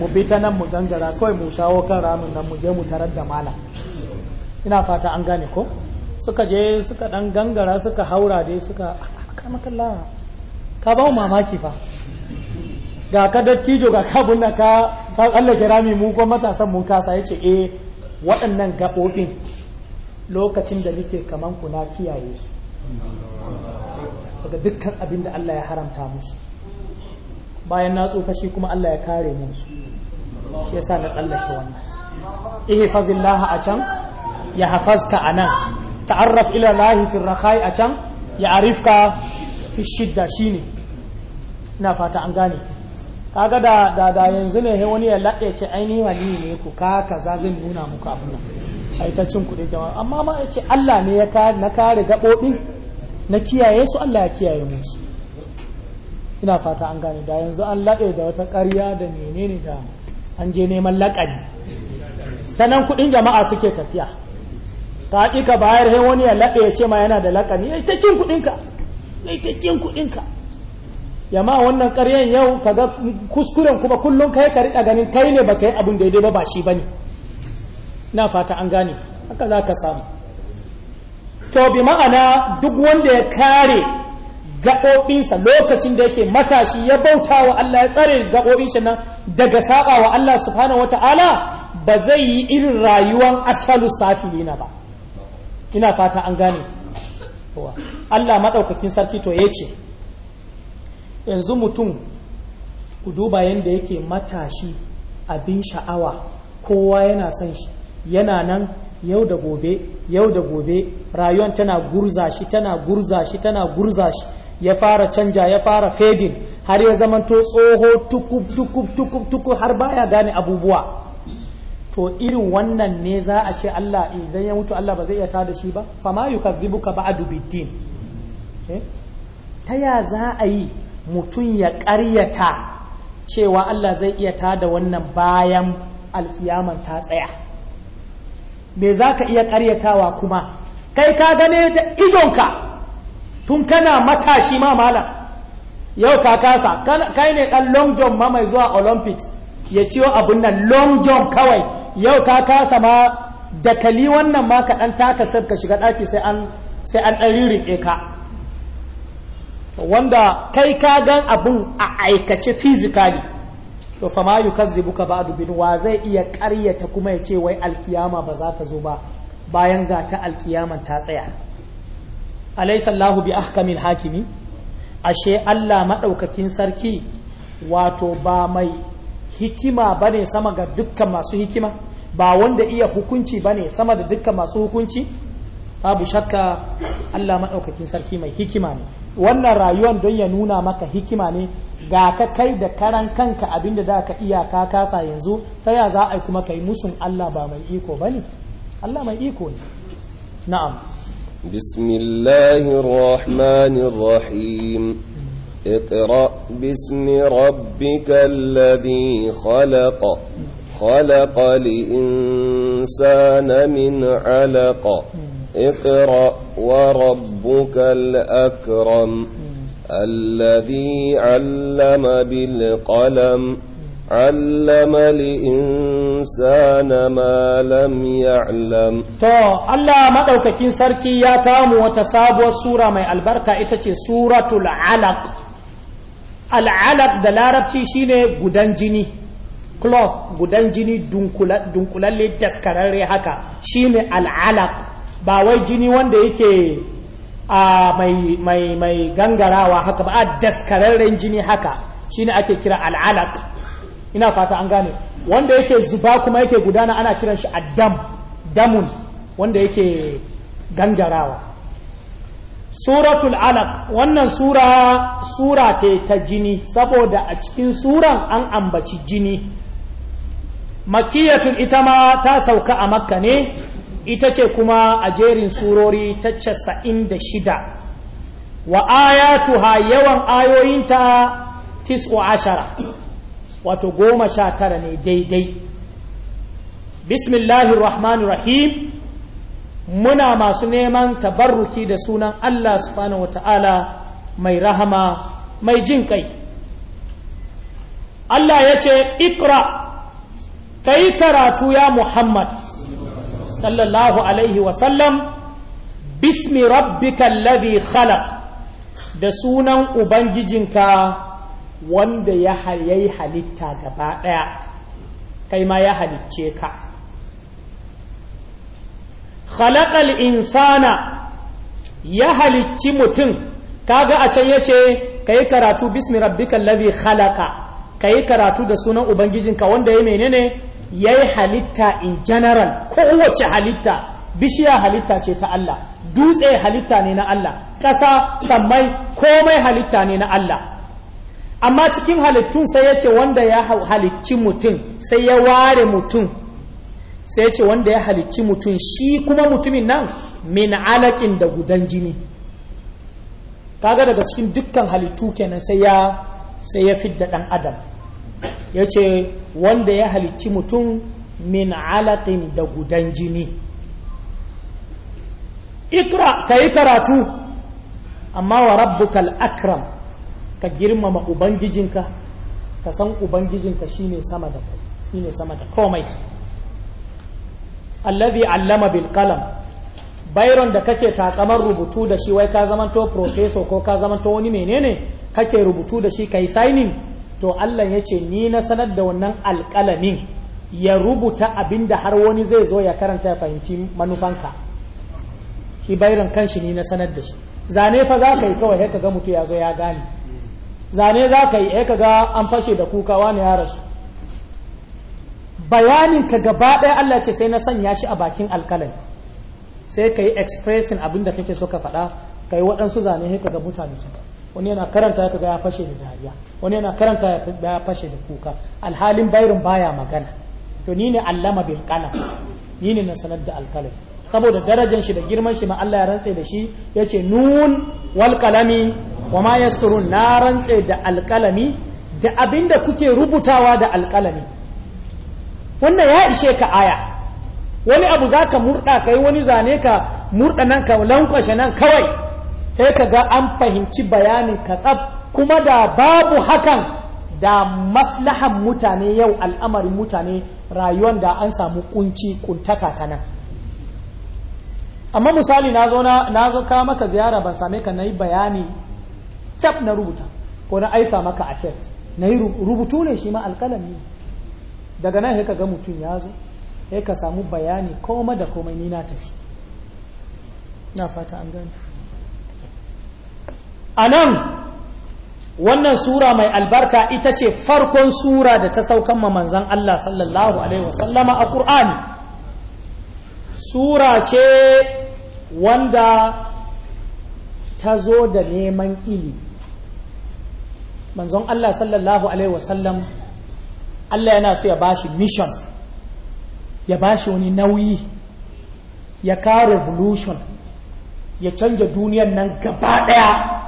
S1: mu bi ta nan mu gangara kawai mu shawo kan ramin nan mu je mu tarar da mala ina fata an gane ko suka je suka dan gangara suka haura dai suka ah, kalla ka ba mamaki fa ga ka dattijo ga ka na ka tsallake rami mu ko matasan mun kasa ya ce eh waɗannan gaɓoɓin lokacin da muke kaman kuna na kiyaye su daga dukkan abin da Allah ya haramta musu bayan na tsufa shi kuma Allah ya kare musu su shi yasa na tsallake wannan ihfazillaha a can ya hafazka nan, ta'arraf ila lahi fi rakhai a can ya arifka fi shidda shine ina fata an gane kaga da da yanzu ne wani ya laɗe ce ainihin wali ne ku ka kaza zan nuna muku abin nan ai jama'a amma ma ya ce Allah ne ya kare na kare gaɓoɓi na kiyaye su Allah ya kiyaye musu ina fata an gane da yanzu an laɗe da wata ƙarya da menene da an je neman laƙani ta nan kuɗin jama'a suke tafiya ta haƙiƙa bayar sai wani ya laɗe ya ce ma yana da laƙani ai ta cin kuɗinka ai ta cin kuɗinka ma wannan ƙaryan yau kaga kuskuren kuma kullum kai ka riƙa ganin kai ne baka yi abin daidai ba ba shi bane ne na fata an gane haka za ka samu to bi ma'ana duk wanda ya kare gaɓoɓinsa lokacin da yake matashi ya bauta wa Allah ya tsare gaɓoɓinsa nan daga saɓa wa Allah subhanahu ta'ala ba zai yi irin rayuwan asfalu na ba ina fata an gane Allah maɗaukakin sarki to ya ce yanzu mutum ku duba yadda yake matashi abin sha'awa kowa yana son shi yana nan yau da gobe yau da gobe rayuwar tana gurza shi tana gurza shi tana gurza shi ya fara canja ya fara fedin har ya zama to tsoho tukub tukub tukub tukub har baya gane abubuwa to irin wannan ne za a ce Allah idan ya mutu Allah ba zai iya da shi ba fama yukazzibuka ba'du biddin eh? ta ya za a yi mutum ya ƙaryata cewa Allah zai iya da wannan bayan alkiyaman ta tsaya me za ka iya ƙaryatawa kuma kai ka gane da idonka tun kana matashi ma malam yau ka kasa kai ne ɗan long jump ma mai zuwa olympics ya ciwo abin nan long jump kawai yau ka kasa ma da kali wannan ma ka ɗan taka sai shiga ɗaki sai an ɗari an ka wanda kai ka gan abin a aikace physically to fa ma yukazzibuka ba'du bin wa zai iya ƙaryata kuma ya ce wai alkiyama ba za ta zo ba bayan ga ta alkiyama ta tsaya alaysa Allahu bi ahkamil hakimi ashe Allah madaukakin sarki wato ba mai hikima bane sama ga dukkan masu hikima ba wanda iya hukunci bane sama da dukkan masu hukunci babu shakka Allah maɗaukakin sarki mai hikima ne wannan rayuwar don ya nuna maka hikima ne ga ka kai da karan kanka abinda da ka iya ka kasa yanzu ta ya za a yi kuma kai musun Allah ba mai iko ba ne Allah mai iko ne na'am
S2: bismillahir rahmanir rahim اقرأ باسم ربك الذي خلق خلق الإنسان من علق اقرأ وربك الأكرم الذي علم بالقلم علم الإنسان ما لم يعلم
S1: to Allah madaukakin sarki ya kamu wata sabuwar sura mai albarka ita ce suratul alaq al alaq da larabci shine gudan jini cloth gudan jini dunkulalle daskararre haka shine al alaq ba wai jini wanda yake a mai mai gangarawa haka ba a daskararren jini haka shine ake kira al'alaq ina fata an gane wanda yake zuba kuma yake gudana ana kiran shi addam damun wanda yake gangarawa suratul alaq wannan sura sura ce ta jini saboda a cikin suran an ambaci jini makiyatul ita ma ta sauka a makka ne ita ce kuma a jerin surori ta casa'in da shida wa ha yawan ayoyinta tis'u ashara wato goma sha tara ne daidai bismillahi rahim muna masu neman tabarruki da sunan Allah subhanahu wata'ala mai rahama mai jin kai Allah ya ce ikra ka yi karatu ya Muhammad sallallahu alaihi wasallam bismi rabbika alladhi khalaq da sunan ubangijinka wanda ya yayi halitta gaba ɗaya kai ma ya halicce ka khalaqal insana ya halicci mutum kaga a can ya ka yi karatu bismi rabbikal ladhi khalaqa yi karatu da sunan ubangijinka wanda ya menene ya yi halitta in general kowace halitta bishiya halitta ce ta Allah dutse halitta ne na Allah ƙasa sammai komai halitta ne na Allah amma cikin halittun sai ya ce wanda ya halicci mutum sai ya ware mutum sai ya ce wanda ya halicci mutum shi kuma mutumin nan min alaƙin da gudan jini kaga daga cikin dukkan halittu kenan sai ya sai ya fidda ɗan adam ya ce wanda ya halicci mutum min alaƙin da gudan jini ikra ka yi karatu amma wa rabbukal akram ka girmama ubangijinka ka san ubangijinka shine sama da sama da komai alladhi allama bil qalam bayron da kake takamar rubutu da shi wai ka zamanto professor ko ka zamanto wani menene kake rubutu da shi kai signing to Allah ya ce ni na sanar da wannan alƙalamin ya rubuta abin da har wani zai zo ya karanta ya fahimci manufanka shi bairan kanshi ni na sanar da shi zane fa za ka yi kawai ya ga mutu ya zo ya gane zane za ka yi ya ga an fashe da kuka wani ya rasu bayanin ka gaba ɗaya Allah ce sai na sanya shi a bakin alkalami sai ka yi ekspresin abin da kake so ka faɗa ka yi waɗansu zane ya ga mutane su wani yana karanta ya ga ya fashe da dariya wani yana karanta ya fashe da kuka alhalin bairun baya magana to ni ne allama bil qalam ni ne na sanar da alkalam saboda darajar shi da girman shi ma Allah ya rantse da shi yace nun wal wa ma yasturun na rantse da alkalami da abinda kuke rubutawa da alkalami wannan ya ishe ka aya wani abu za ka murda kai wani zane ka murda nan ka lankwashe nan kawai sai ka ga an fahimci bayanin ka tsab kuma da babu hakan da maslahan mutane yau al'amarin mutane rayuwan da an samu kunci kuntata ta nan amma misali na zo kawo maka ziyara ban same ka na yi bayani cap na rubuta ko na aika maka a text na yi rubutu ne shi ma alkalami daga nan ka ga mutum ya zo ka samu bayani koma da komai ni na tafi na fata an gani a nan wannan sura mai albarka ita ce farkon sura da ta saukan ma manzan Allah sallallahu alaihi wasallama a ƙur'ani sura ce wanda ta zo da neman ilimi manzon Allah sallallahu alaihi wasallam Allah yana so ya bashi mission ya bashi wani nauyi ya ka revolution ya canja duniyar nan gaba daya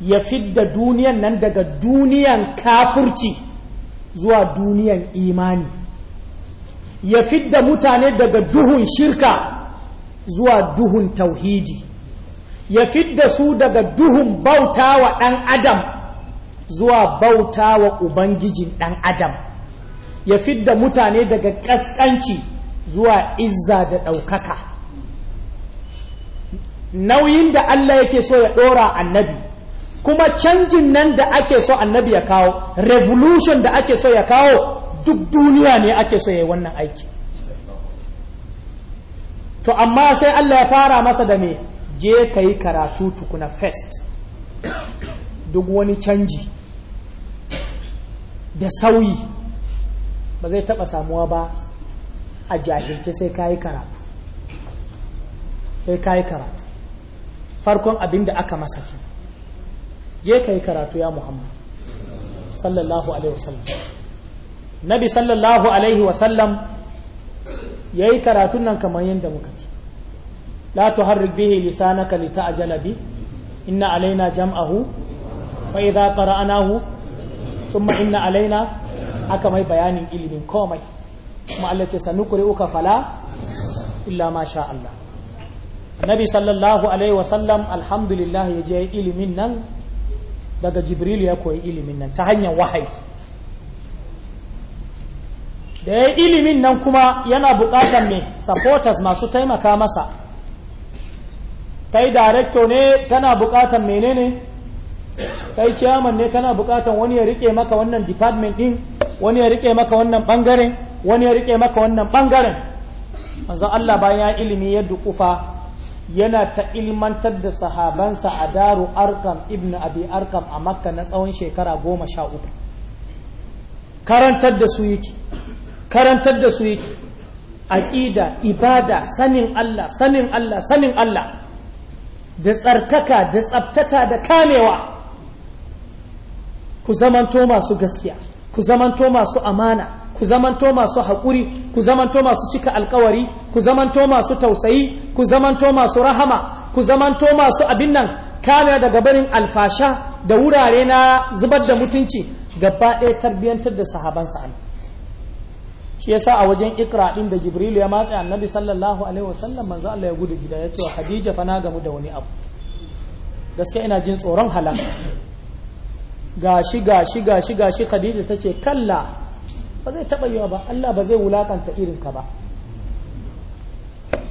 S1: ya fidda duniyan nan daga duniyan kafurci zuwa duniyan imani ya fidda mutane daga duhun shirka zuwa duhun tauhidi ya fidda su daga duhun bauta wa ɗan adam zuwa bauta wa ubangijin ɗan adam ya fidda mutane daga ƙasƙanci zuwa izza da ɗaukaka nauyin da Allah yake so ya ɗora annabi kuma canjin nan da ake so annabi ya kawo revolution da ake so ya kawo duk duniya ne ake so ya yi wannan aiki to amma sai Allah ya fara masa da me je ka yi karatu tukuna first duk wani canji da sauyi ba zai taɓa samuwa ba a jahilce sai ka yi karatu sai ka yi karatu farkon abin da aka masa ke je ka yi karatu ya muhammad sallallahu alaihi wasallam nabi sallallahu alaihi wasallam ya yi karatun nan kamar yadda muka ce la tuharrik bihi lisanaka lita'jala bi inna alaina jam'ahu fa idza qara'nahu thumma inna alaina aka mai bayanin ilimin komai kuma Allah ce sanukuri uka fala illa ma sha Allah nabi sallallahu alaihi wasallam alhamdulillah ya je ilimin nan daga jibril ya koyi ilimin nan ta hanyar wahayi da ya ilimin nan kuma yana bukatar ne supporters masu taimaka masa kai director ne tana bukatar menene kai chairman ne tana bukatar wani ya rike maka wannan department din wani ya rike maka wannan bangaren wani ya rike maka wannan bangaren manzo Allah bayan ya ilimi ya dukufa yana ta ilmantar da sahabansa a daru arkam ibn abi arkam a makka na tsawon shekara goma sha uku karantar da su yake karantar da su yake aƙida ibada sanin Allah sanin Allah sanin Allah da tsarkaka da tsabtata da kamewa ku zamanto masu gaskiya ku zamanto masu amana ku zamanto masu haƙuri ku zamanto masu cika alkawari ku zamanto masu tausayi ku zamanto masu rahama ku zamanto masu abin nan kame daga barin alfasha da wurare na zubar da mutunci gaba ɗaya tarbiyyantar da sahaban sa'an shi yasa a wajen ikra da jibrilu ya matsa annabi sallallahu alaihi wasallam manzo Allah ya gudu gida ya ce wa khadija fa na gamu da wani abu gaskiya ina jin tsoron halaka gashi gashi gashi gashi khadija ta ce kalla ba zai taɓa yiwa ba Allah ba zai wulakanta ka ba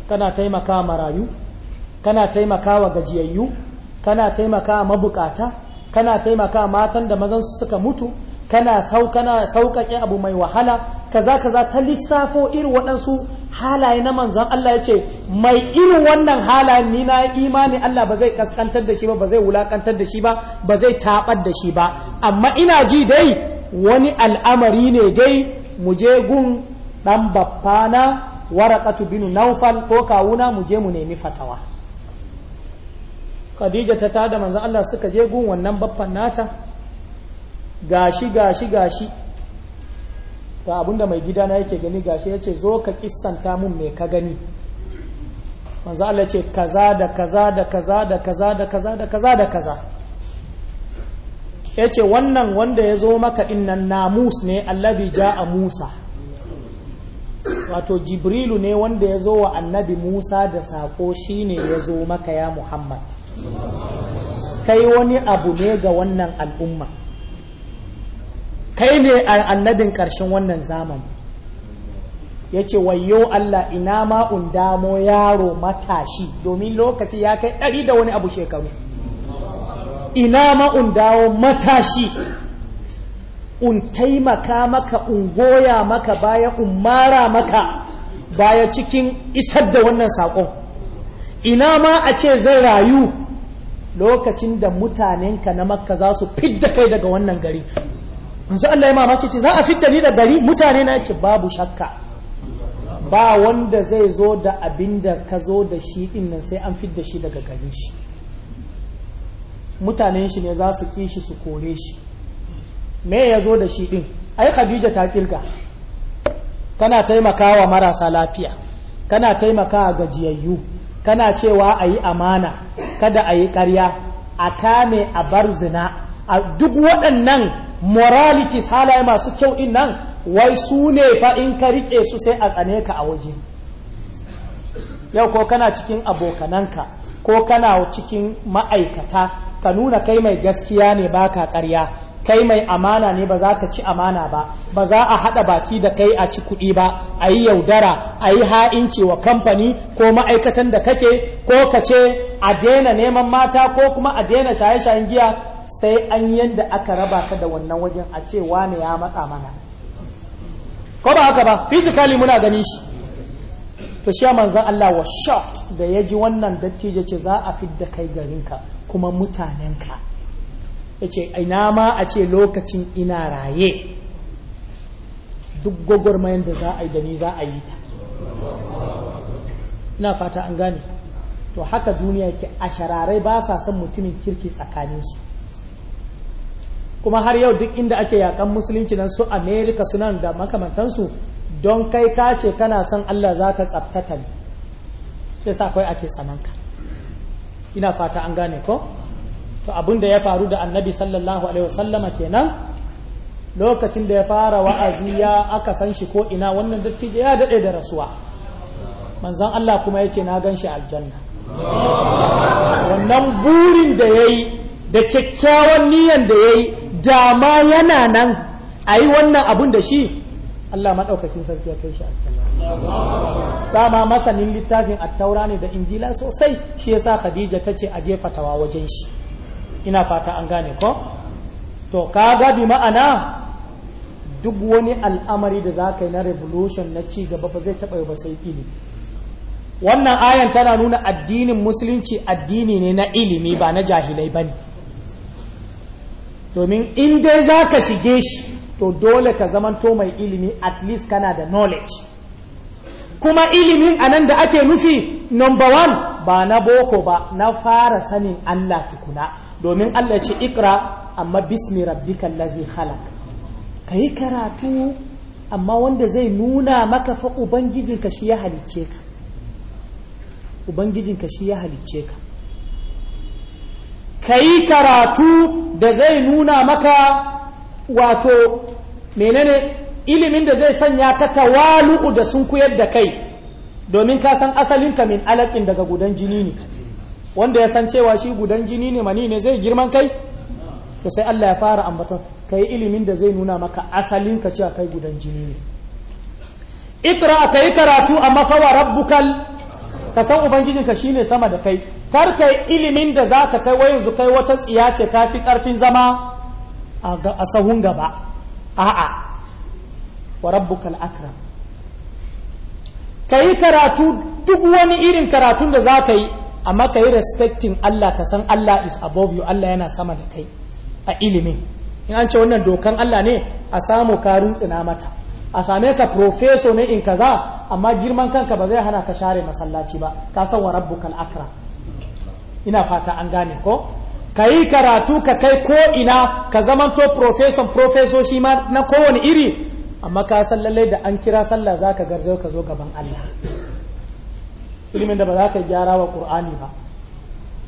S1: kana taimaka marayu kana taimaka wa gajiyayyu kana taimaka mabukata kana taimaka matan da mazan su suka mutu kana sauƙaƙe abu mai wahala kaza kaza ta lissafo irin waɗansu halaye na manzon Allah ya ce mai irin wannan halaye ni na imani Allah ba zai kaskantar da shi ba ba zai wulakantar da shi ba ba zai taɓar da shi ba amma ina ji dai wani al'amari ne dai mu je gun ɗan baffana waraƙatu binu naufal ko kawuna mu je mu nemi fatawa khadija ta tada manzon Allah suka je gun wannan baffan nata gashi gashi gashi ta abinda mai gidana yake gani gashi ya ce zo ka kissanta mun mai ka gani wanzu Allah ce kaza da kaza da kaza da kaza da kaza da kaza da kaza yace wannan wanda ya zo maka na namus ne ja a Musa wato Jibrilu ne wanda ya zo wa annabi Musa da sako shine ya zo maka ya Muhammad kai wani abu ne ga wannan al'umma kai ne annabin ƙarshen wannan zaman ya ce wayo Allah ina ma undamo yaro matashi domin lokaci ya kai ɗari da wani abu shekaru ina ma dawo matashi un taimaka maka un goya maka baya un mara maka baya cikin isar da wannan sakon? ina ma a ce zai rayu lokacin da mutanenka na makka za su fidda kai daga wannan gari manzo Allah ya mamaki ce za a fitta ni da gari mutane na ce babu shakka ba wanda zai zo da abin da ka zo da shi din nan sai an fidda shi daga garin shi mutanen shi ne za su ki shi su kore shi me ya zo da shi din ai Khadija ta kirga kana taimakawa marasa lafiya kana taimakawa gajiyayyu kana cewa ayi amana kada a yi ƙarya a kame a bar zina a duk waɗannan morality halaye masu kyau in nan wai su ne fa in ka rike su sai a tsane ka a waje yau ko kana cikin abokananka ko kana cikin ma'aikata ka nuna kai mai gaskiya ne baka ƙarya kai mai amana ne ba za ka ci amana ba ba za a haɗa baki da kai a ci kuɗi ba a yi yaudara a yi ha'inci wa kamfani ko ma'aikatan da kake ko ka ce a daina neman mata ko kuma a daina shaye-shayen giya sai an yanda aka raba ka da wannan wajen a ce wane ya matsa mana ko ba haka ba fizikali muna gani shi to shi manzan Allah wa shot da ya ji wannan dattijo ce za a fidda kai garinka kuma mutanenka Yace ina ma a ce lokacin ina raye duk gwagwarmayan da za a yi da ni za a yi ta ina fata an gane to haka duniya ke a shararai ba sa son mutumin kirki tsakaninsu kuma har yau duk inda ake yakan musulunci nan su amerika sunan da makamantansu don kai ka ce kana son allah za ka tsabtata ne sai sa kawai ake tsananka ina fata an gane ko to abin da ya faru da annabi sallallahu alaihi wasallama kenan lokacin da ya fara wa'azi ya aka san shi ko ina wannan dattijo ya daɗe da rasuwa manzon Allah kuma ya ce na ganshi aljanna wannan burin da yayi yi da kyakkyawan niyan da yayi yi dama yana nan a wannan abun da shi Allah madaukakin sarki ya kai shi aljanna dama masanin littafin attaura ne da injila sosai shi yasa khadija ta ce a jefatawa wajen shi ina fata an gane ko to kaga bi ma'ana duk wani al'amari da za ka yi na revolution na ci gaba ba zai taɓa ba sai ilimi wannan ayan tana nuna addinin musulunci addini ne na ilimi ba na jahilai ba ne domin in dai za ka shige shi to dole ka zamanto mai ilimi at least kana da knowledge kuma ilimin anan da ake nufi number one ba na boko ba na fara sanin Allah tukuna domin Allah ce ikra amma bismi rabbikal lazi khalaq yi karatu amma wanda zai nuna maka fa ubangijinka shi ya halicce ka ubangijinka shi ya halicce ka Ka yi karatu da zai nuna maka wato menene ilimin da zai sanya ta tawalu'u da sun kuyar da kai domin ka san asalinka min alaƙin daga gudan jini ne wanda ya san cewa shi gudan jini ne mani ne zai girman kai to sai Allah ya fara ambaton kai ilimin da zai nuna maka asalinka cewa kai gudan jini ne ikra yi karatu a fa rabbukal ka san ubangijinka ne sama da kai kar kai ilimin da za ka kai wai yanzu kai wata tsiya ce ta fi karfin zama a sahun gaba a'a wa rabbukal akram ka yi karatu duk wani irin karatun da za ka yi amma ka yi respecting Allah ka san Allah is above you Allah yana sama da kai a ilimin in an ce wannan dokan Allah ne a samu karin tsina mata a same ka profeso ne in kaza amma girman kanka ba zai hana ka share masallaci ba ka san wa rabbukal akram ina fata an gane ko ka yi karatu ka kai ko ina ka zamanto profeson profeso shi ma na kowane iri amma ka san lallai da an kira sallah za ka garzo ka zo gaban Allah ilimin da ba za ka gyara wa ƙur'ani ba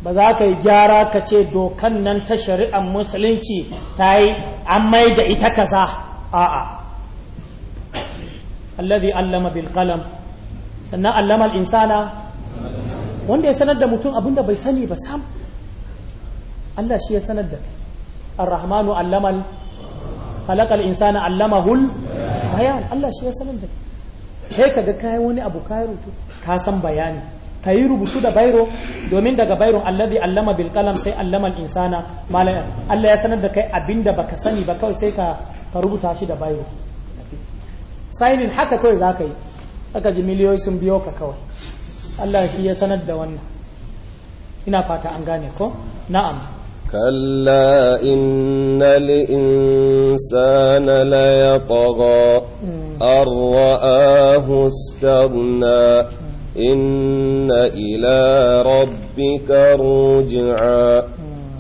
S1: ba za ka yi gyara ka ce dokan nan ta shari'ar musulunci ta yi an mai da ita kaza a'a alladhi allama bil qalam sannan allama al insana wanda ya sanar da mutum abin da bai sani ba sam Allah shi ya sanar da kai ar-rahmanu allamal khalaqal insana hul. bayan Allah shi ya sanar da kai ka ga kayan wani abu ka rubutu ka san bayani ka yi rubutu da bairo domin daga bairon allazi allama bil sai allama al insana malam Allah ya sanar da kai abinda baka sani ba kawai sai ka ka rubuta shi da bairo signing haka kawai zaka yi aka ji miliyoyi sun biyo ka kawai Allah shi ya sanar da wannan ina fata an gane ko na'am
S2: كلا إن الإنسان ليطغى أن رآه استغنى إن إلى ربك رجعا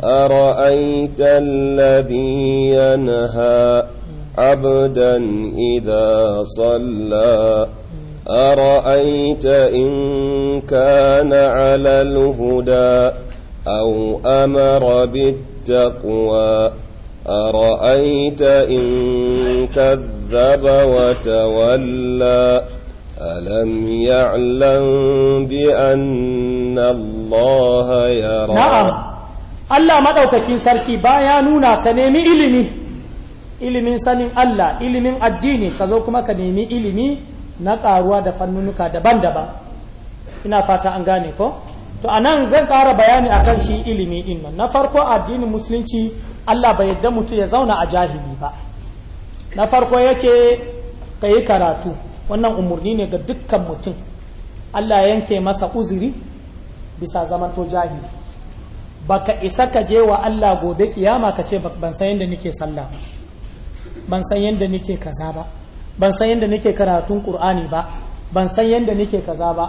S2: أرأيت الذي ينهى عبدا إذا صلى أرأيت إن كان على الهدى أو أمر بالتقوى أرأيت إن كذب وتولى ألم يعلم بأن الله يرى نعم
S1: Allah maɗaukakin sarki baya nuna ka nemi ilimi ilimin sanin Allah ilimin addini ka zo kuma ka nemi ilimi na ƙaruwa da fannunuka daban-daban ina fata an gane ko to a nan zan ƙara bayani akan shi ilimi din nan na farko addinin musulunci Allah bai yadda mutum ya zauna a jahili ba na farko yace ka yi karatu wannan umarni ne ga dukkan mutum Allah yanke masa uzuri bisa to jahili baka isa ka je wa Allah gobe kiyama ka ce ban san yadda nake sallah ba ban san yadda nake kaza ba ban san yadda nake karatun qur'ani ba ban san yadda nake kaza ba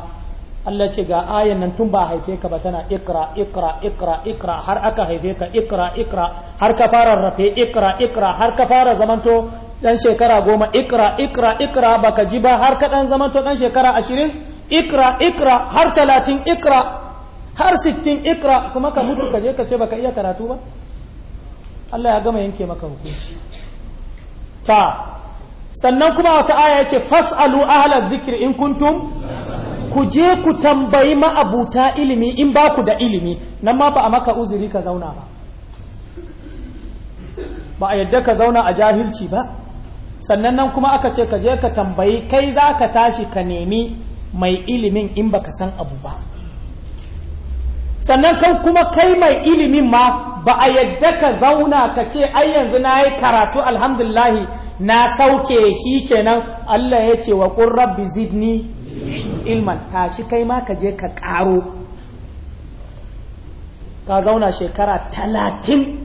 S1: Allah ce ga ayan nan tun ba haife ka ba tana ikra ikra ikra ikra har aka haife ka ikra ikra har ka fara rafe ikra ikra har ka fara zamanto dan shekara goma ikra ikra ikra baka ji ba har ka dan zamanto dan shekara ashirin ikra ikra har talatin ikra har sittin ikra kuma ka mutu ka je ka ce baka iya karatu ba Allah ya gama yanke maka hukunci ta sannan kuma wata aya ya ce fas'alu ahla dhikri in kuntum ku je ku tambayi ma'abuta ilimi in ba ku da ilimi nan ma ba a maka uzuri ka zauna ba ba a yadda ka zauna a jahilci ba sannan nan kuma aka ce ka je ka tambayi kai za ka tashi ka nemi mai ilimin in ba ka san abu ba sannan kan kuma kai mai ilimin ma ba a yadda ka zauna ka ce ai yanzu na yi karatu alhamdulillahi na sauke shi kenan Allah ya ce wa ƙun rabbi zidni ilman tashi kai ma ka je ka karo ka zauna shekara talatin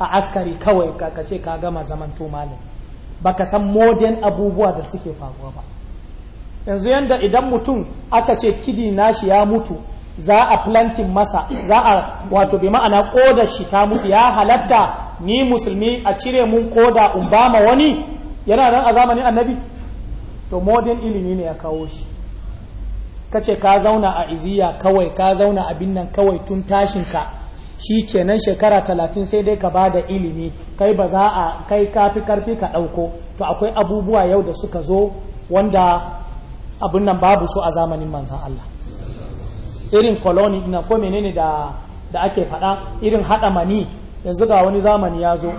S1: a askari kawai ka ce ka gama zaman malam baka san modern abubuwa da suke faruwa ba yanzu yadda idan mutum aka ce kidi nashi ya mutu za a plantin masa za a wato bi ma'ana kodar shi ta mutu ya halatta ni musulmi a cire mun koda in wani yana nan a zamanin annabi to modern ilimi ne ya kawo shi kace ka zauna a iziya kawai ka zauna abin nan kawai tun tashin ka shi kenan shekara talatin sai dai ka ba da ilimi kai ba za a kai kafi karfi ka ɗauko to akwai abubuwa yau da suka zo wanda abin nan babu su a zamanin manzan Allah irin koloni na ko menene da da ake faɗa irin haɗa mani yanzu ga wani zamani ya zo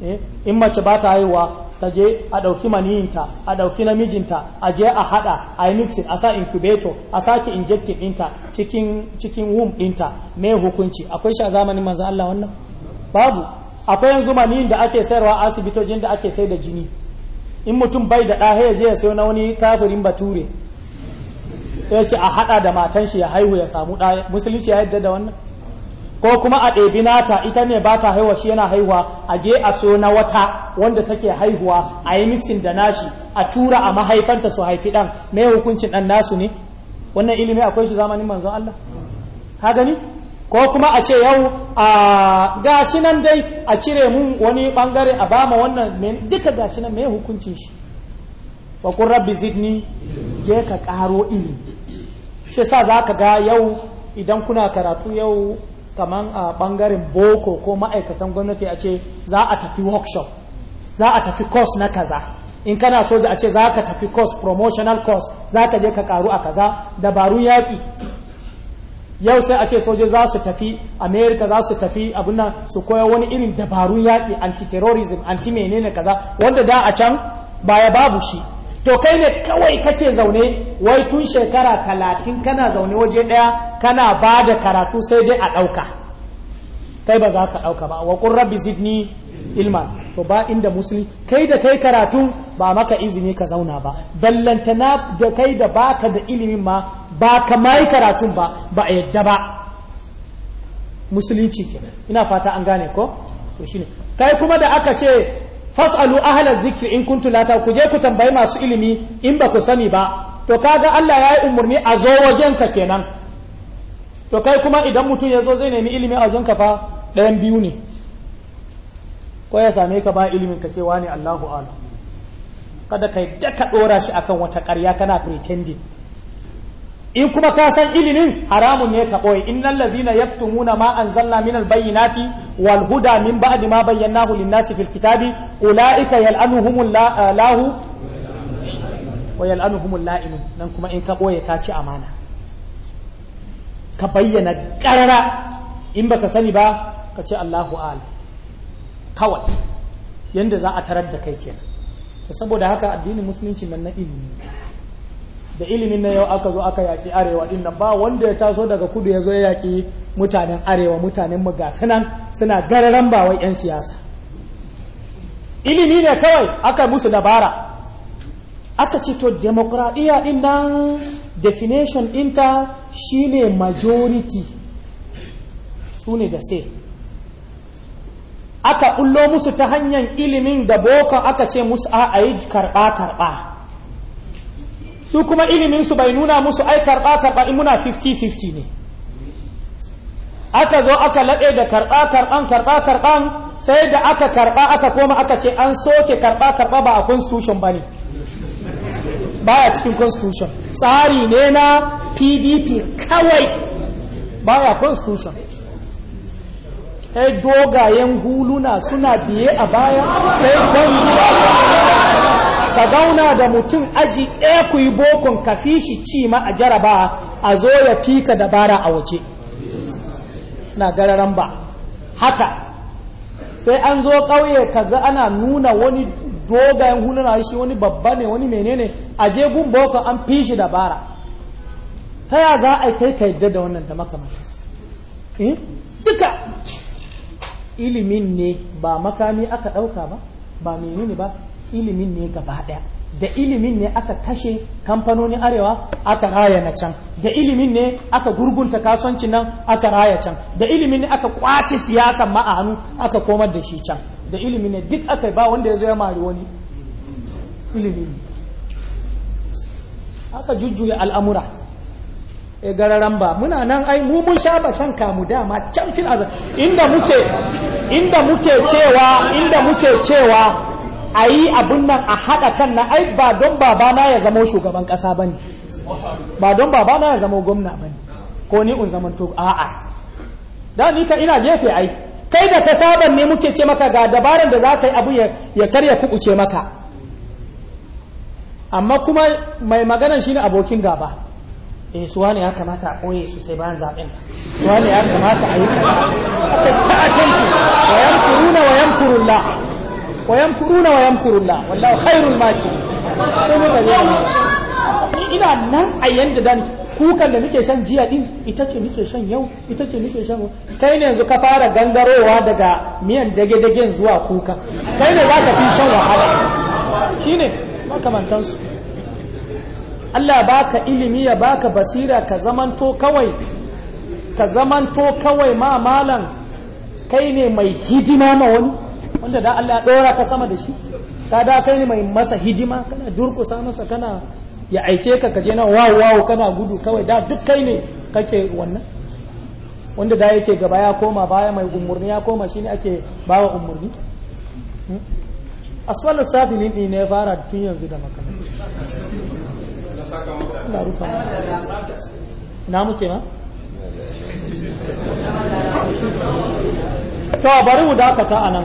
S1: Eh, in mace ba ta haihuwa ta je a ɗauki maniyinta a ɗauki namijinta a je a haɗa a yi mixin a sa incubator a sake injecting ɗinta cikin womb ɗinta me hukunci akwai shi a zamanin Allah wannan babu akwai yanzu maniyin da ake sayarwa a asibitojin da ake sai da jini in mutum bai da ɗa ya je ya sayo na wani kafirin bature ya ce a haɗa da matan shi ya haihu ya samu ɗaya musulunci ya yadda da wannan ko kuma a ɗebi nata ita ne ba ta haihuwa shi yana haihuwa a je a so na wata wanda take haihuwa a yi mixin da nashi a tura a mahaifanta su haifi ɗan me hukuncin ɗan nasu ne wannan ilimi akwai shi zamanin manzon Allah ha gani ko kuma a ce yau a gashi nan dai a cire mun wani bangare a bama wannan duka gashi nan me hukuncin shi wa kun rabbi zidni je ka karo ilimi shi sa za ka ga yau idan kuna karatu yau kamar a ɓangaren boko ko ma'aikatan gwamnati a ce za a tafi workshop za a tafi course na kaza in kana soja a ce za ka tafi course promotional course za ka je ka karu a kaza dabarun yaƙi yau sai a ce soja za su tafi america za su tafi abinan su koya wani irin dabarun yaƙi anti-terrorism anti menene kaza wanda da a can baya babu shi to kai ne kawai kake zaune wai tun shekara talatin kana zaune waje ɗaya kana ba da karatu sai dai a ɗauka kai ba za ka ɗauka ba wa ƙun rabbi zidni ilma to ba inda musulmi kai da kai karatu ba maka izini ka zauna ba ballantana da kai da baka da ilimin ma ba ka mai karatun ba ba a yadda ba musulunci ke ina fata an gane ko to shine kai kuma da aka ce fasalu ahla zikri in kuntu la ku je ku tambayi masu ilimi in ba ku sani ba to kaga Allah ya yi umarni a zo wajen ka kenan to kai kuma idan mutum ya zo zai nemi ilimi a wajen ka fa ɗayan biyu ne ko ya same ka ba ilimin ka ce wani Allahu a'lam kada kai daka ka dora shi akan wata ƙarya kana pretending in kuma ka san ilimin haramun ne ka ɓoye innal ladhina yaktumuna ma anzalna minal bayyinati wal huda min ba'di ma bayyanahu lin-nasi fil kitabi ulaika yal'anuhumul eh, lahu wa yal'anuhumul la'inun nan kuma in ka ɓoye ka ci amana ka bayyana ƙarara in baka sani ba ka ce Allahu a'lam kawai yanda za a tarar da kai kenan saboda haka addinin musulunci nan na ilimi da ilimin na yau aka zo aka yaƙi arewa din nan ba wanda ya taso daga kudu ya zo ya yaƙi mutanen arewa mutanen mu suna gararan ba wai yan siyasa ilimi ne kawai aka musu dabara aka ce to demokradiyya din nan definition ɗinta shine majority su ne da sai aka ullo musu ta hanyar ilimin da boko aka ce musu a ayi karɓa-karɓa su kuma ilimin su bai nuna musu ai karɓa karɓa in muna 50-50 ne aka zo aka laɗe da karɓa karɓan karɓa karɓan sai da aka karɓa aka koma aka ce an soke karɓa karɓa ba a constitution ba ne baya cikin constitution tsari ne na pdp kawai ba a constitution ai dogayen huluna suna biye a baya sai don ka zauna da mutum aji ɗaya ku yi bokon ka fi shi ci ma a jaraba a zo ya fi ka dabara a waje na gararan ba haka sai an zo ƙauye ka ga ana nuna wani dogayen na shi wani babba ne wani menene a je gun bokon an fi shi dabara ta ya za a kai ka yadda da wannan da makamanci eh? duka ilimin ne ba makami aka ɗauka ba ba menene ba ilimin ne gaba ɗaya da ilimin ne aka kashe kamfanonin arewa aka raya na can da ilimin ne aka gurgunta kasuwanci nan aka raya can da ilimin ne aka kwace siyasan ma a hannu aka komar da shi can da ilimin ne duk aka ba wanda ya zo ya mari wani ilimin aka jujjuya al'amura e gararan ba muna nan ai mu mun sha ba shan kamu dama can fil inda muke inda muke cewa inda muke cewa a yi abin nan a haɗa kan na ai ba don na ya zama shugaban ƙasa ba ne ba don na ya zama gwamna ba ne ko ni un zaman to a'a da ni ka ina gefe ai kai da ta saban ne muke ce maka ga dabaran da za ka yi abu ya karya kukuce maka amma kuma mai maganan ne abokin gaba eh su wane ya kamata a ɓoye su sai bayan zaɓen. su wane ya kamata a yi ta ta atanku wa na wa yamkurullah wa yamkuruna wa yamkurullah wallahu khairul makirin ina nan a yanda dan kukan da nake shan jiya din ita ce nake shan yau ita ce nake shan kai ne yanzu ka fara gangarowa daga miyan dage-dagen zuwa kuka kai ne za ka fi shan wahala shine makamantansu Allah baka ilimi ya baka basira ka zamanto kawai ka zamanto kawai ma malam kai ne mai hidima ma wani wanda da Allah ya ɗora ka sama da shi ka da kai ne mai masa hijima kana durƙusa masa kana ya aike ka kaje na wa'u wawo kana gudu kawai da duk kai ne kake wannan wanda da yake gaba ya koma baya mai umurni ya koma shine ake bawa umurni hmm? aswalu safilin din ne fara tun yanzu da makamanci rufa na muke ma to bari mu dakata anan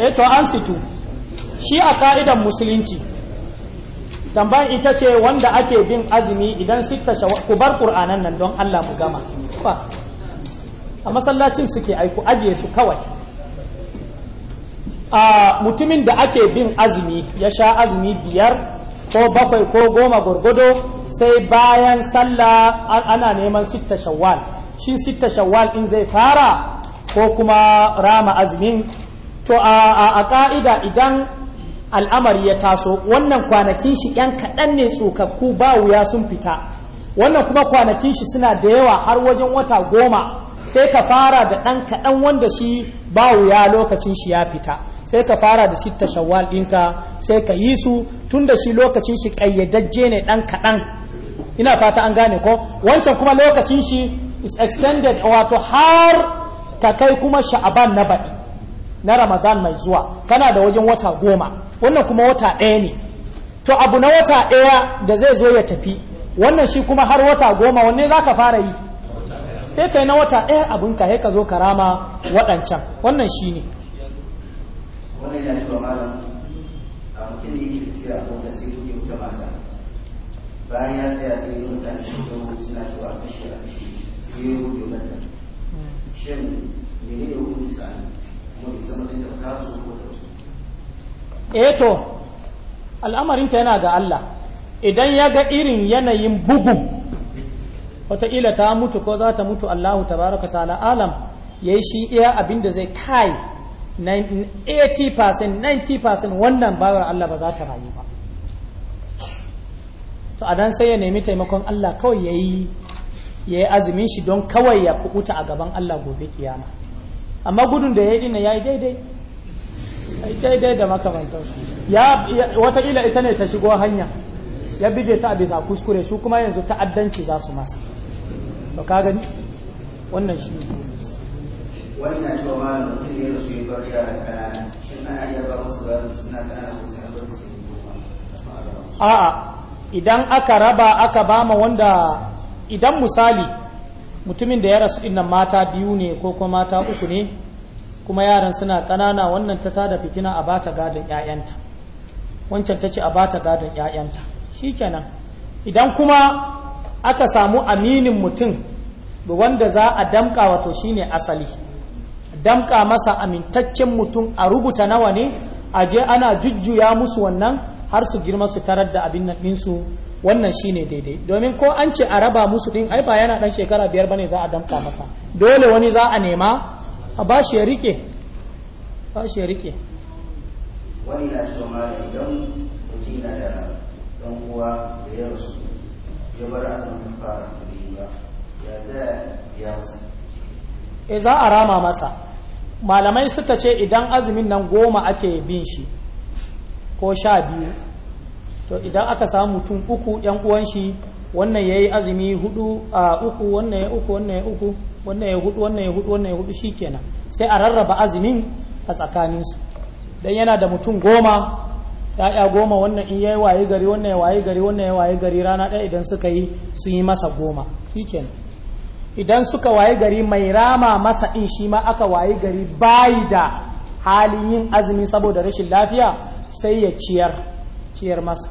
S1: eh to an situ shi a ka'idan musulunci tamban ita ce wanda ake bin azumi idan sitta ku bar qur'anan nan don Allah mu gama a masallacin suke aiku ajiye su kawai a mutumin da ake bin azumi ya sha azumi biyar ko bakwai ko goma gwargwado sai bayan sallah ana neman sitta shawwal shi sita shawwal in zai fara ko kuma rama azumin to a ka'ida idan al'amari ya taso wannan kwanakin shi yan kaɗan ne tsokakku ba wuya sun fita wannan kuma kwanakin shi suna da yawa har wajen wata goma sai ka fara da ɗan kaɗan wanda shi ba wuya lokacin shi ya fita sai ka fara da sitta shawwal ɗinka sai ka yi su tun da shi lokacin shi ƙayyadajje ne ɗan kaɗan ina fata an gane ko wancan kuma lokacin shi is extended wato har ka kai kuma sha'aban na baɗi na ramadan mai zuwa kana da wajen wata goma wannan kuma wata ɗaya ne to abu na wata ɗaya da zai zo ya tafi wannan shi kuma har wata goma wanne za ka fara yi sai kai na wata ɗaya abin ka ka zo karama waɗancan wannan shi ne
S3: bayan ya tsaya sai mutane suna cewa kashi a kashi sai
S1: ya eh ta to al'amarinta yana ga Allah idan ya ga irin yanayin bugun wataƙila ta mutu ko za ta mutu Allahu ta baraka ta alam ya yi shi iya abin da zai kai 80% 90% wannan bawar Allah ba za ta rayu ba to a dan sai ya nemi taimakon Allah kawai ya yi ya yi azumin shi don kawai ya kuɓuta a gaban Allah gobe kiyama amma gudun da ya yi dinnan ya yi daidai daidai da makamantar ya wataƙila ita ne ta shigo hanya ya bige ta a bisa kuskure su kuma yanzu ta'addanci za su masa to ka gani wannan shi ne
S2: wannan cewa ma mutum ya rasu ya bar yara kanana shin na iya ba musu ba suna kanana ko suna bar su
S1: a'a idan aka raba aka bama wanda idan misali mutumin da ya rasu innan mata biyu ne ko kuma mata uku ne kuma yaran suna ƙanana wannan ta tada fitina a bata gadon 'ya'yanta wancan ta ce a bata gadon 'ya'yanta shikenan idan kuma aka samu aminin mutum wanda za a damka wato shine asali damƙa masa amintaccen mutum a rubuta nawa ne a je ana jujjuya musu wannan har su girma su tarar da abin nan ɗinsu wannan shine daidai domin ko an ce a raba musu ɗin ai ba yana ɗan shekara biyar bane za a damka masa dole wani za a nema a ba shi ya rike ba shi ya rike
S2: wani na cewa ma idan mutum na da
S3: ɗan uwa da ya rasu ya bar azumin fara kuɗi ba ya zai biya masa
S1: e za a rama masa malamai suka ce idan azumin nan goma ake bin shi ko sha biyu to idan aka samu mutum uku yan uwan shi wannan ya yi azumi hudu a uku wannan ya uku wannan ya uku wannan ya hudu wannan ya hudu wannan ya hudu shikenan sai a rarraba azumin a tsakaninsu dan yana da mutum goma ya'ya goma wannan in yayi waye gari wannan ya waye gari wannan ya waye gari rana ɗaya idan suka yi sun yi masa goma shikenan idan suka waye gari mai rama masa in shi ma aka waye gari bayi da halin yin azumi saboda rashin lafiya sai ya ciyar ciyar masa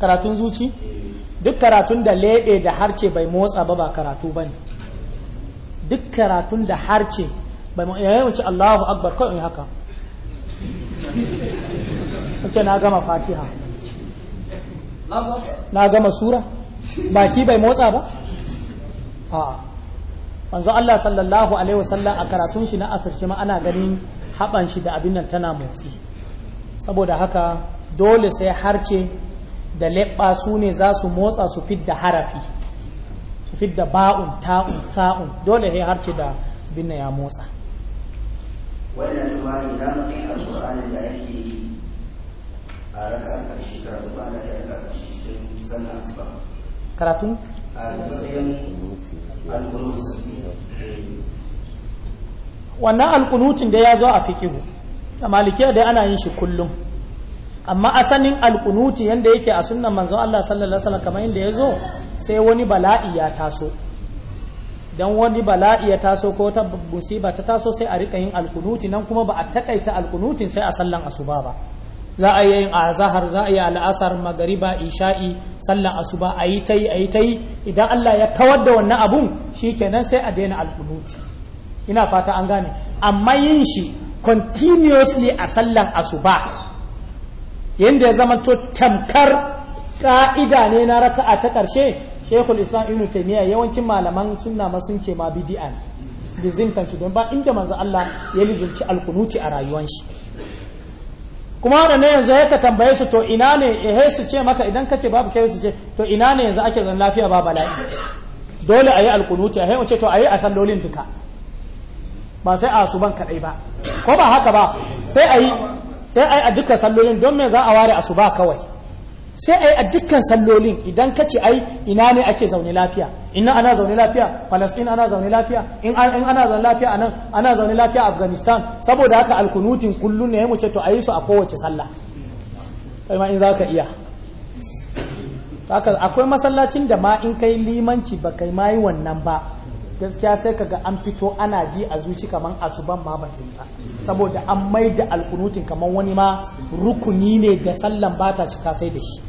S1: karatun zuci eh. duk karatun da leɗe da harce bai motsa ba ba karatu ba ne duk karatun da harce bai motsa ya eh, wuce allahu akbar kawai haka ce na gama fatiha na gama sura baki bai motsa ba A'a. Ah. manzo Allah sallallahu alaihi wasallam a karatun shi na asirce ma ana ganin haban shi da abin nan tana motsi saboda haka dole sai harce da leɓɓa su ne za su motsa su fidda harafi su fidda ba'un ta'un sa'un dole sai harce da nan ya motsa
S2: wannan su ma ne alƙur'anin da yake yi
S3: a raka ƙarshe karatu ba da ya ƙarshe cikin sannan asuba
S1: karatun wannan alkunutin da ya zo a fikihu a malikiya dai ana yin shi kullum amma asalin alkunuti yadda yake a sunan manzon Allah sallallahu alaihi wasallam kamar yadda ya zo sai wani bala'i ya taso don wani bala'i ya taso ko ta musiba ta taso sai a rika yin alkunuti nan kuma ba a takaita alkunutin sai a sallan asuba ba za a yi zahar za a yi al'asar magariba isha'i sallan asuba a yi ta yi a yi ta yi idan Allah ya kawar da wannan abun shi kenan sai a daina alkunuti ina fata an gane amma yin shi continuously a sallan asuba yadda ya zama to tamkar ka'ida ne na raka a ta ƙarshe shekul islam ibn taymiya yawancin malaman sunna ma ce ma bid'a ne don ba inda manzo Allah ya lizinci alkunuti a rayuwar shi kuma da ne yanzu ya ka tambaye su to ina ne ehe su ce maka idan ka ce babu kai su ce to ina ne yanzu ake zan lafiya ba bala'i dole a yi alkunuti a mu ce to yi a sallolin duka ba sai a su ban kadai ba ko ba haka ba sai ayi sai ayi a duka sallolin don me za a ware a su ba kawai sai a yi a dukkan sallolin idan ka ce ai ina ne ake zaune lafiya in ana zaune lafiya palestine ana zaune lafiya in ana zaune lafiya a nan ana zaune lafiya afghanistan saboda haka alkunutin kullum ne mu ce to a yi su a kowace sallah kai ma in za ka iya akwai masallacin da ma in kai limanci ba kai ma yi wannan ba gaskiya sai kaga an fito ana ji a zuci kaman asuban ma batun ba saboda an mai da alkunutin kamar wani ma rukuni ne ga sallan ba ta cika sai da shi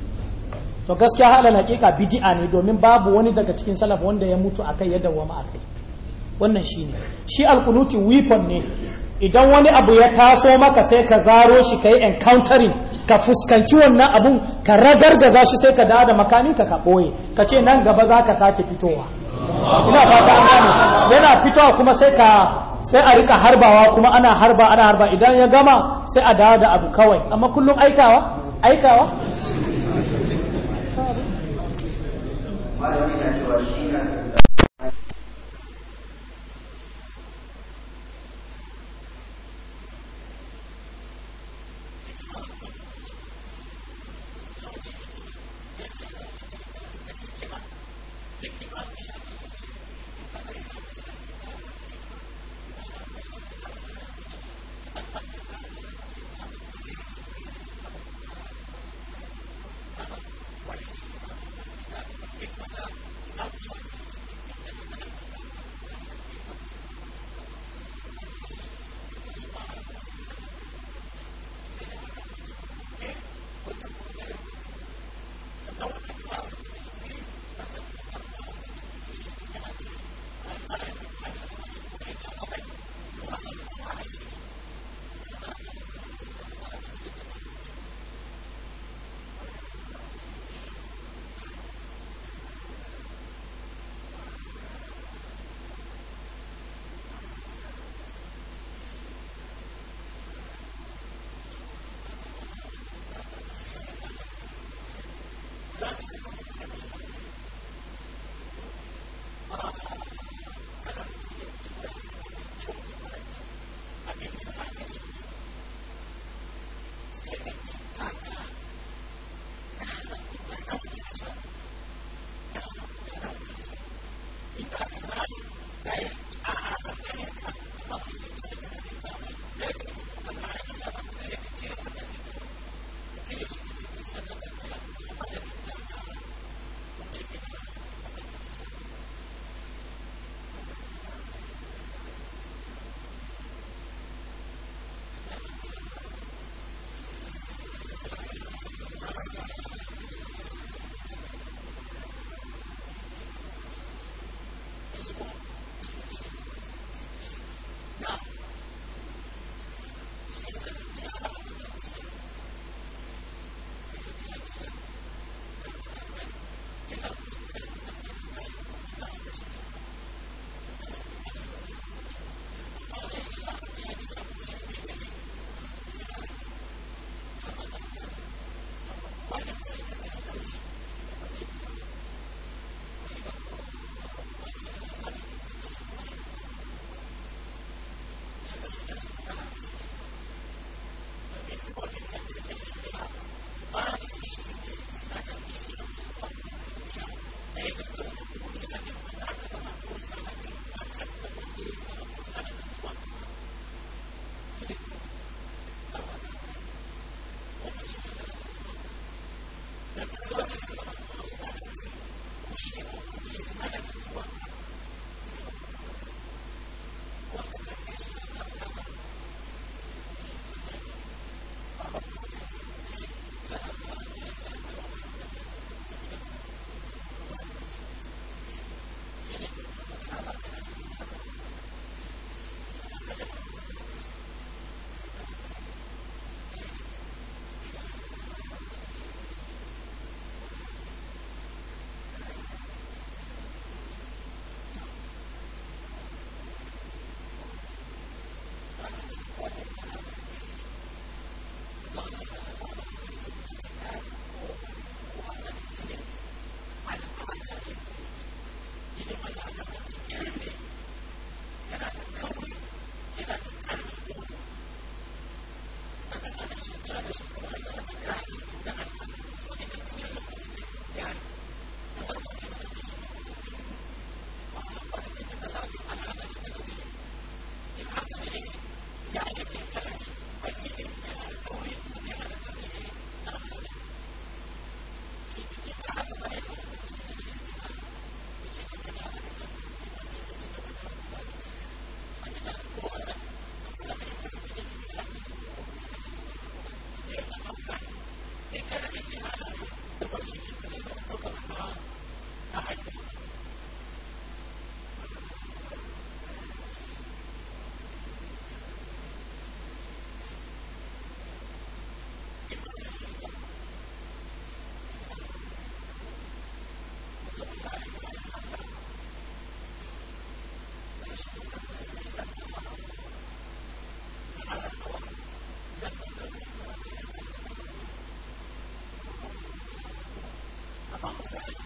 S1: to gaskiya halal hakika bid'a ne domin babu wani daga cikin salaf wanda ya mutu akai ya ma akai wannan shine shi alkunuti weapon ne idan wani abu ya taso maka sai ka zaro shi ka yi encountering ka fuskanci wannan abun ka ragar da zashi sai ka dawo da makamin ka ka ɓoye ka ce nan gaba za ka sake fitowa
S3: ina fata an gane yana fitowa kuma sai
S1: ka sai a rika harbawa kuma ana harba ana harba idan ya gama sai a dawo da abu kawai amma kullum aikawa aikawa
S3: Thank you.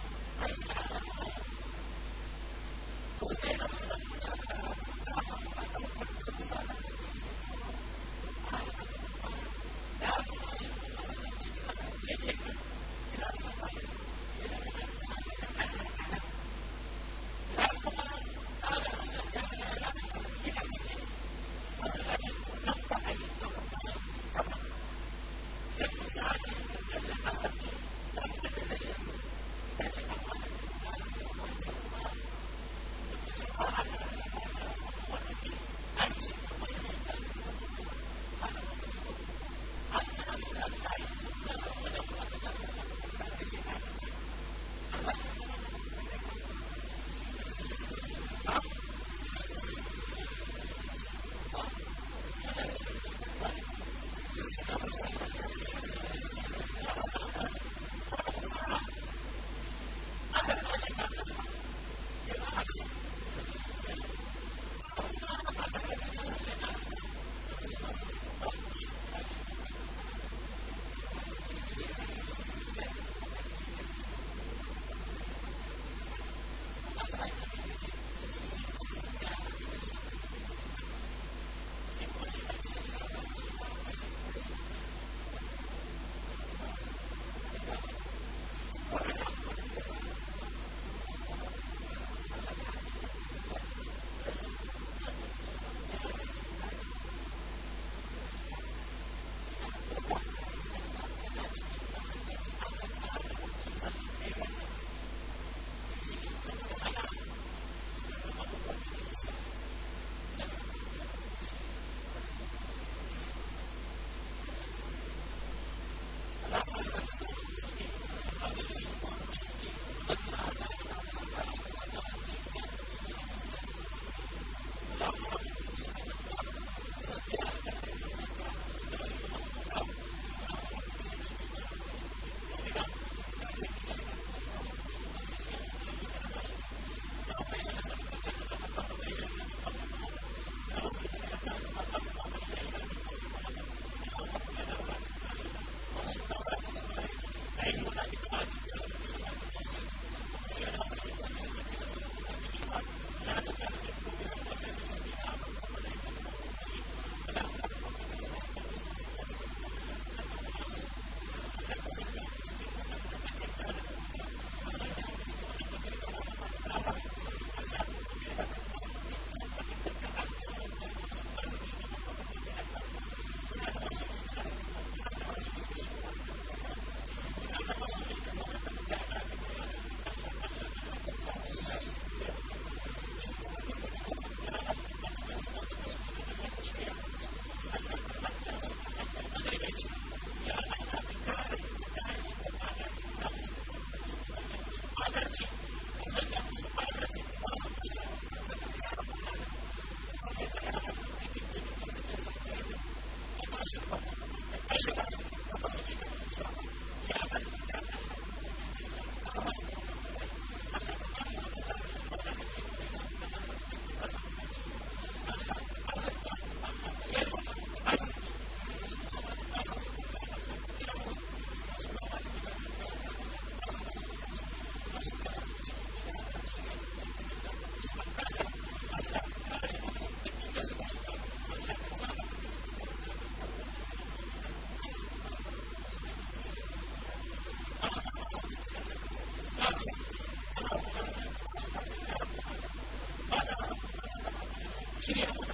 S3: City of